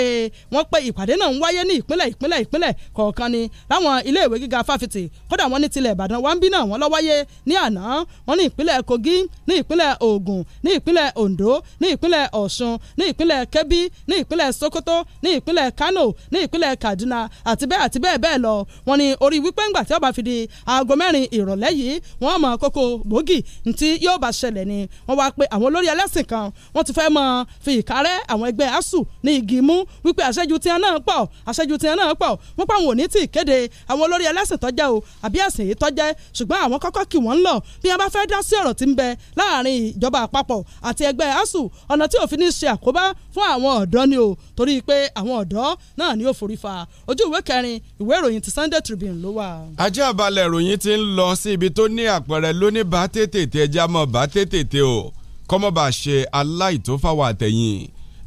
wọ́n pe ìpàdé náà ń wáyé ní ìpínlẹ̀ ìpínlẹ̀ ìpínlẹ̀ kọ̀ọ̀kan ni láwọn ilé ìwé gíga fáfitì kódà wọ́n ní tilẹ̀ Ìbàdàn wá ń bí náà wọ́n lọ wáyé ní àná wọ́n ní ìpínlẹ̀ Kogi ní ìpínlẹ̀ Ògùn ní ìpínlẹ̀ Ondo ní ìpínlẹ̀ Ọ̀ṣun ní ìpínlẹ̀ Kebbi ní ìpínlẹ̀ Sokoto ní ìpínlẹ̀ Kano ní ìpínlẹ̀ Kaduna àti bẹ́ẹ̀ àti bẹ́ẹ̀ bẹ́ẹ̀ lọ wọ́n ní orí wípé ńgbà tí ó bá fi di aago mẹ́rin ìrọ̀lẹ́ yìí wọ́n mọ kókó gbòógì ntí yóò bá ṣẹlẹ̀ ni wọ́n wá pé àwọn olórí ẹlẹ́sìn kan wọ́n ti fẹ́ mọ fi ìkárẹ́ àwọn ẹgbẹ́ ASUU ní igi mú wípé àṣẹ́jú tiẹ̀ náà pọ̀ àṣẹ́jú tiẹ̀ náà pọ̀ wọ́n pa àwọn òní tí ì kéde àwọn olórí ẹlẹ́sìn tọ́jẹ́ o àbí ẹ̀sìn yìí tọ́jẹ́ ṣùgbọ́n àwọn kọ́kọ́ kì wọ́n lọ bí wọ́n bá fẹ́ dá sí ọ̀rọ̀ tí ń bẹ láàrin ìjọba àpapọ̀ àti ẹgbẹ́ asuu ọ̀nà tí òfin ní ṣe àkóbá fún àwọn ọ̀dọ́ ni o torí pé àwọn ọ̀dọ́ náà ni ó forí fa ojú ìwé kẹrin ìwé ìròyìn ti Sunday Tribune ló wà. ajá balẹ̀ ìròyìn ti ń lọ sí ibi tó ní àpẹẹrẹ lóní bá tètè ẹja mọ̀ bá tètè o kọ́mọ́bà ṣe aláìtófáwọ̀ àtẹ̀yìn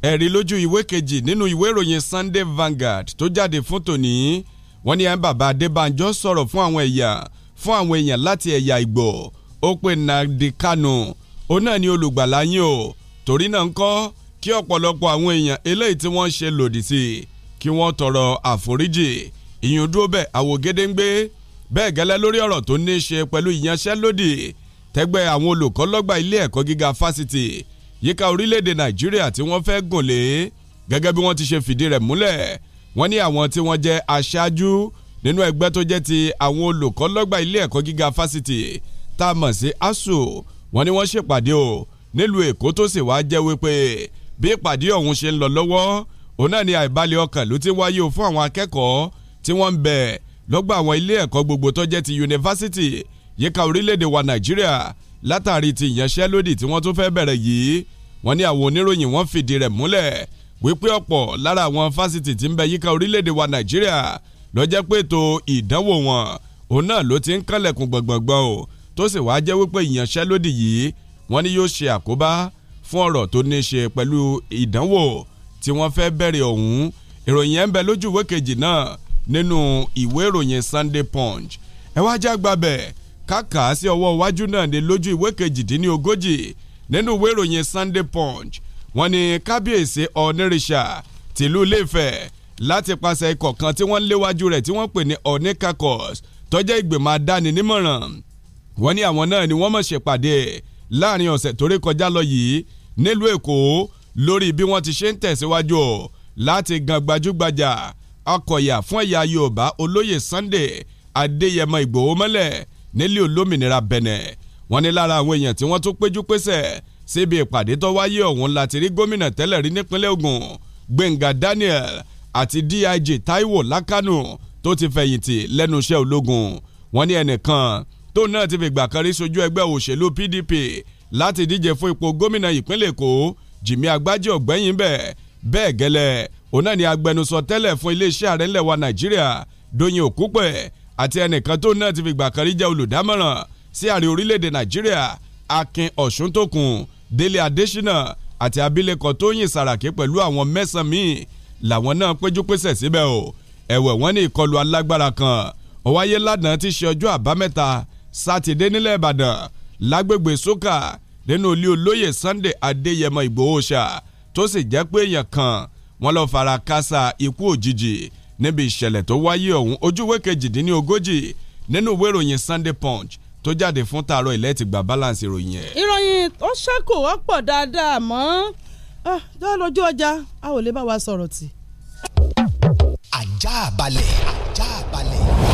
ẹ̀rí lójú ìwé kejì nínú ìwé ìròyìn Sunday Vanguard tó jáde fún tòní wọ́n ní ẹ̀ ń bàbá Adébánjọ sọ̀rọ̀ fún àwọn èèyàn fún àwọn èèyàn láti ẹ̀yà Ìgbò ó pè Nnamdi Kanu òun náà ni olùgbàlà yín o torí náà ń kọ́ kí ọ̀pọ̀lọpọ̀ àwọn èèyàn eléyìí tí wọ́n ṣe lòdì sí kí wọ́n tọrọ àforíjì ìyún dúró bẹ́ẹ̀ àwògedengbe bẹ́ẹ̀ gẹ́lẹ́ lórí ọ̀rọ̀ tó ní í ṣe pẹ̀lú ìyanṣẹ́lódì tẹ́gbẹ́ àwọn olùkọ́ lọ́gbà ilé ẹ̀kọ́ gíga fásitì yíká orílẹ̀-èdè nàìjíríà tí wọ́n fẹ́ gùn lé gẹ́gẹ́ bí wọ́n ti ṣe fìdí rẹ̀ múlẹ̀ wọ́n ní àwọn tí wọ́n jẹ́ aṣáájú nínú ẹgbẹ́ tó jẹ́ ti àwọn olùkọ́ ilé ẹ̀kọ́ gíga fásitì tá a mọ̀ sí ASUU wọ́n ní wọ́n ṣèpàdé o nílùú èkó tó sì wá jẹ́ wípé bí ìpàdé ọ̀hún ṣe ń lọ lọ́wọ́ òun náà ni àìbalẹ̀ ọkàn ló ti wáyé o fún àwọn akẹ́kọ̀ọ́ tí wọ́n ń bẹ lọ́gbà àwọn ilé ẹ̀kọ́ gbogbo tó jẹ́ ti yunifásitì yíká orílẹ̀-èdè wa nàìjíríà látàrí ti ìyanṣẹ́lódì tí wọ́n tún fẹ́ bẹ̀rẹ̀ yìí wọ́n ní àwọn oníròyìn wọ́n fìdí rẹ̀ múlẹ̀ wípé ọ̀pọ̀ lára àwọn fásitì tí ń bẹ yíká orílẹ̀-èdè wa nàìjíríà ló jẹ́ pé ètò ìdánwò wọn òun náà ló ti ń kànlẹ̀kùn gbọ̀ngbọ̀ngbọ̀n o tó sì wáá jẹ́ wípé ìyanṣẹ́lódì yìí wọ́n ní yóò ṣe àkóbá fún ọ̀rọ̀ tó ní ṣe pẹ̀lú ìdánwò tí wọ́n fẹ́ bẹ̀rẹ̀ ọ̀hún ìròyìn ẹ̀ ń bẹ lójú ìwé kejì náà nínú ìwé ìròyìn Sunday Punch ẹ wá já gbàbẹ̀ káàkà sí ọwọ́ iwájú náà ní lójú ìwé kejìdínlógójì nínú ìwé ìròyìn Sunday Punch wọ́n ní kábíyèsí ọ̀nìrìṣà tìlú Ilé-Ifẹ̀ láti pàṣẹ ikọ̀ kan tí wọ́n léwájú rẹ̀ tí wọ́n pè ní onikakos tó ìgbìmọ̀ adáni wọ́n ní àwọn náà ni wọ́n mọ̀ ṣèpàdé ẹ̀ láàrin ọ̀sẹ̀ tó rí kọjá lọ yìí nílùú èkó lórí bí wọ́n ti ṣe ń tẹ̀síwájú láti gan gbajúgbajà akọ̀yà fún ẹ̀yà yorùbá olóyè sunday adéyẹmọ ìgbòho mọ́lẹ̀ nílé olómìnira bẹ̀nẹ̀ wọ́n ní lára àwọn èèyàn tí wọ́n tún péjú pésẹ̀ síbi ìpàdé tó wáyé ọ̀hún láti rí gómìnà tẹ́lẹ̀ rí nípínlẹ̀ ògùn gbẹ̀ngà daniel àti dig taiwo lákànú tó ti fẹ̀yìntì lẹ́nu iṣẹ́ ológun wọ́n ní ẹnìkan tóun náà ti fi gbà kan rí sojú ẹgbẹ́ òṣèlú PDP láti díje fún ipò gómìnà ìpínlẹ̀ Èkó Jìmí Àgbájé ọ̀gbẹ́yìn bẹ́ẹ̀ bẹ́ẹ̀ gẹ́lẹ́ òun náà ni agbẹnusọ tẹ́lẹ̀ fún iléeṣẹ́ ààrẹ ńlẹ̀ wa Nàìjíríà Doyin Okupe àti ẹnìkan tóun náà ti fi gbà kan rí jẹ́ olùdámọ̀ràn sí ààrẹ orílẹ̀-èdè Nàìjíríà Akin Ọ̀ṣúntókùn Délé Adésínà àti abilékọ Tóyìn Sàràkí pẹ̀lú àwọn mẹ́sàn-án míì làwọn náà péjú pésẹ̀ síbẹ̀ o ẹ̀wẹ̀ wọ́n ní ìkọlù alágbára kan ó wáyé lánàá ṣe ọjọ́ àbámẹ́ta sátidé nílẹ̀ ìbàdàn lágbègbè sókà nínú ilé olóyè sunday adéyẹmọ ìgbòhóṣà tó sì jẹ́ pé èèyàn kan wọn lọ fara kásá ikú òjijì níbi ìṣẹ̀lẹ̀ tó wáyé ọ̀hún ojúwé kejìdínlógójì nínú ìwé ìròyìn sunday punch tó jáde fún tààrọ̀ ilẹ̀ ti gba balance ìròyìn ẹ̀. ìròyìn ó ṣẹ́kù wọ́pọ̀ dáadáa mọ́ ah, lọ́jọ́ ọjà a ò lè bá wa sọ̀rọ̀ tì. ajá balẹ̀ ajá balẹ̀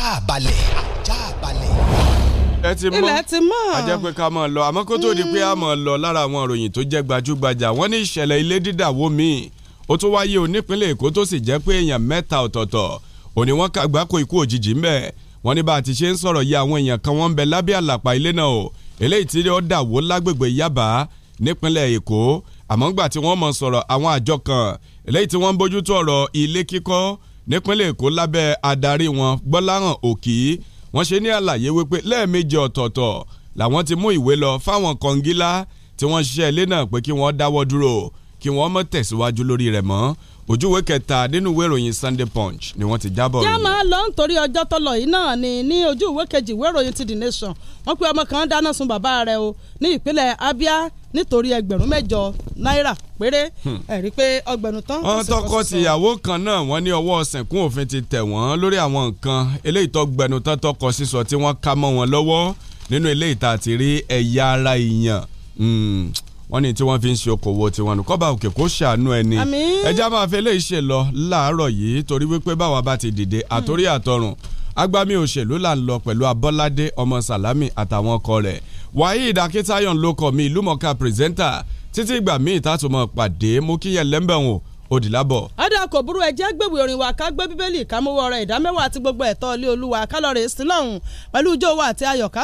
ajá balẹ̀ ajá balẹ̀. ẹ ti mọ̀ ilẹ̀ ti mọ̀ a jẹ́ pé ká máa lọ àmọ́ kó tó di pé a máa lọ lára àwọn ìròyìn tó jẹ́ gbajúgbajà wọ́n ní ìṣẹ̀lẹ̀ ilé dídà wó míì ó tún wáyé onípínlẹ̀ èkó tó sì jẹ́ pé èèyàn mẹ́ta ọ̀tọ̀ọ̀tọ̀ òní wọ́n kàgbákò ikú òjijì ńbẹ̀ wọ́n ní bá a ti ṣe ń sọ̀rọ̀ yìí àwọn èèyàn kan wọ́n ń bẹ lábẹ́ àlàpà ilé náà o eléyìí tí ó dà wó lágbègbè yaba nípínlẹ̀ èkó àmọ́ ńgbà tí wọ́n mọ̀ sọ̀rọ̀ àwọn àjọ kan eléyìí tí wọ́n ń bójútó ọ̀rọ̀ ilé kíkọ́ nípínlẹ̀ Èkó lábẹ́ adarí wọn Gbọ́láhàn Òkì wọ́n ṣe ní àlàyé wípé lẹ́ẹ̀mejì ọ̀tọ̀ọ̀tọ̀ làwọn ti mú ìwé lọ fáwọn kọ̀ǹgílá tí wọ́n ṣiṣẹ́ ilé náà pé kí wọ́n dáwọ́ dúró kí wọ́n mọ̀ tẹ̀síwájú lórí rẹ̀ mọ́ ojúwe kẹta nínú ìwé ìròyìn Sunday Punch ni wọ́n ti jábọ̀. yá máa lọ nítorí ọjọ́ tó lọ yìí náà ni ní ojú ìwé kejì ìwé ìròyìn ti The Nation wọ́n pe ọmọ kan dáná sun bàbá rẹ̀ o ní ìpínlẹ̀ Abia nítorí ẹgbẹ̀rún mẹ́jọ náírà péré hmm. ẹ̀rí pé ọgbẹ̀rún tán. wọ́n tọkọ tìyàwó kan náà wọ́n ní ọwọ́ ṣẹ̀kún òfin ti tẹ̀ wọ́n lórí àwọn nǹkan eléyìí tó gbẹ̀nu tán tọkọ sísọ tí wọ́n ká mọ́ wọn lọ́wọ́ nínú eléyìí tá a ti rí ẹ̀yà ara èèyàn hmm wọ́n ní tí wọ́n fi ń ṣe okòwò tiwọn nù kọ́ba òkè kó ṣàánú ẹni ẹja máa fẹ́ lè ṣe lọ láàárọ̀ yìí torí wípé báwa bá ti dìde hmm. àtórí àtọrùn agbami òṣèlú là ń lọ pẹ̀lú abọ́ládé ọmọ sàlámì àtàwọn ọkọ rẹ̀ waheed akitayan lóko mi ìlúmọ̀ọ́ká pírẹsẹ́ńtà títí ìgbà míì tàtúmọ̀ pàdé mú kíyẹn lẹ́mbẹ̀wọ̀n òdìlábọ̀. ọ̀dà kò burú ẹjẹ́ gbèwé orin wa ká gbé bíbélì ká mú wọ̀rọ̀ ìdámẹ́wàá àti gbogbo ẹ̀tọ́ ilé olúwa kálọ̀rì sílọ̀hún pẹ̀lú ijó wa àti ayọ̀ ká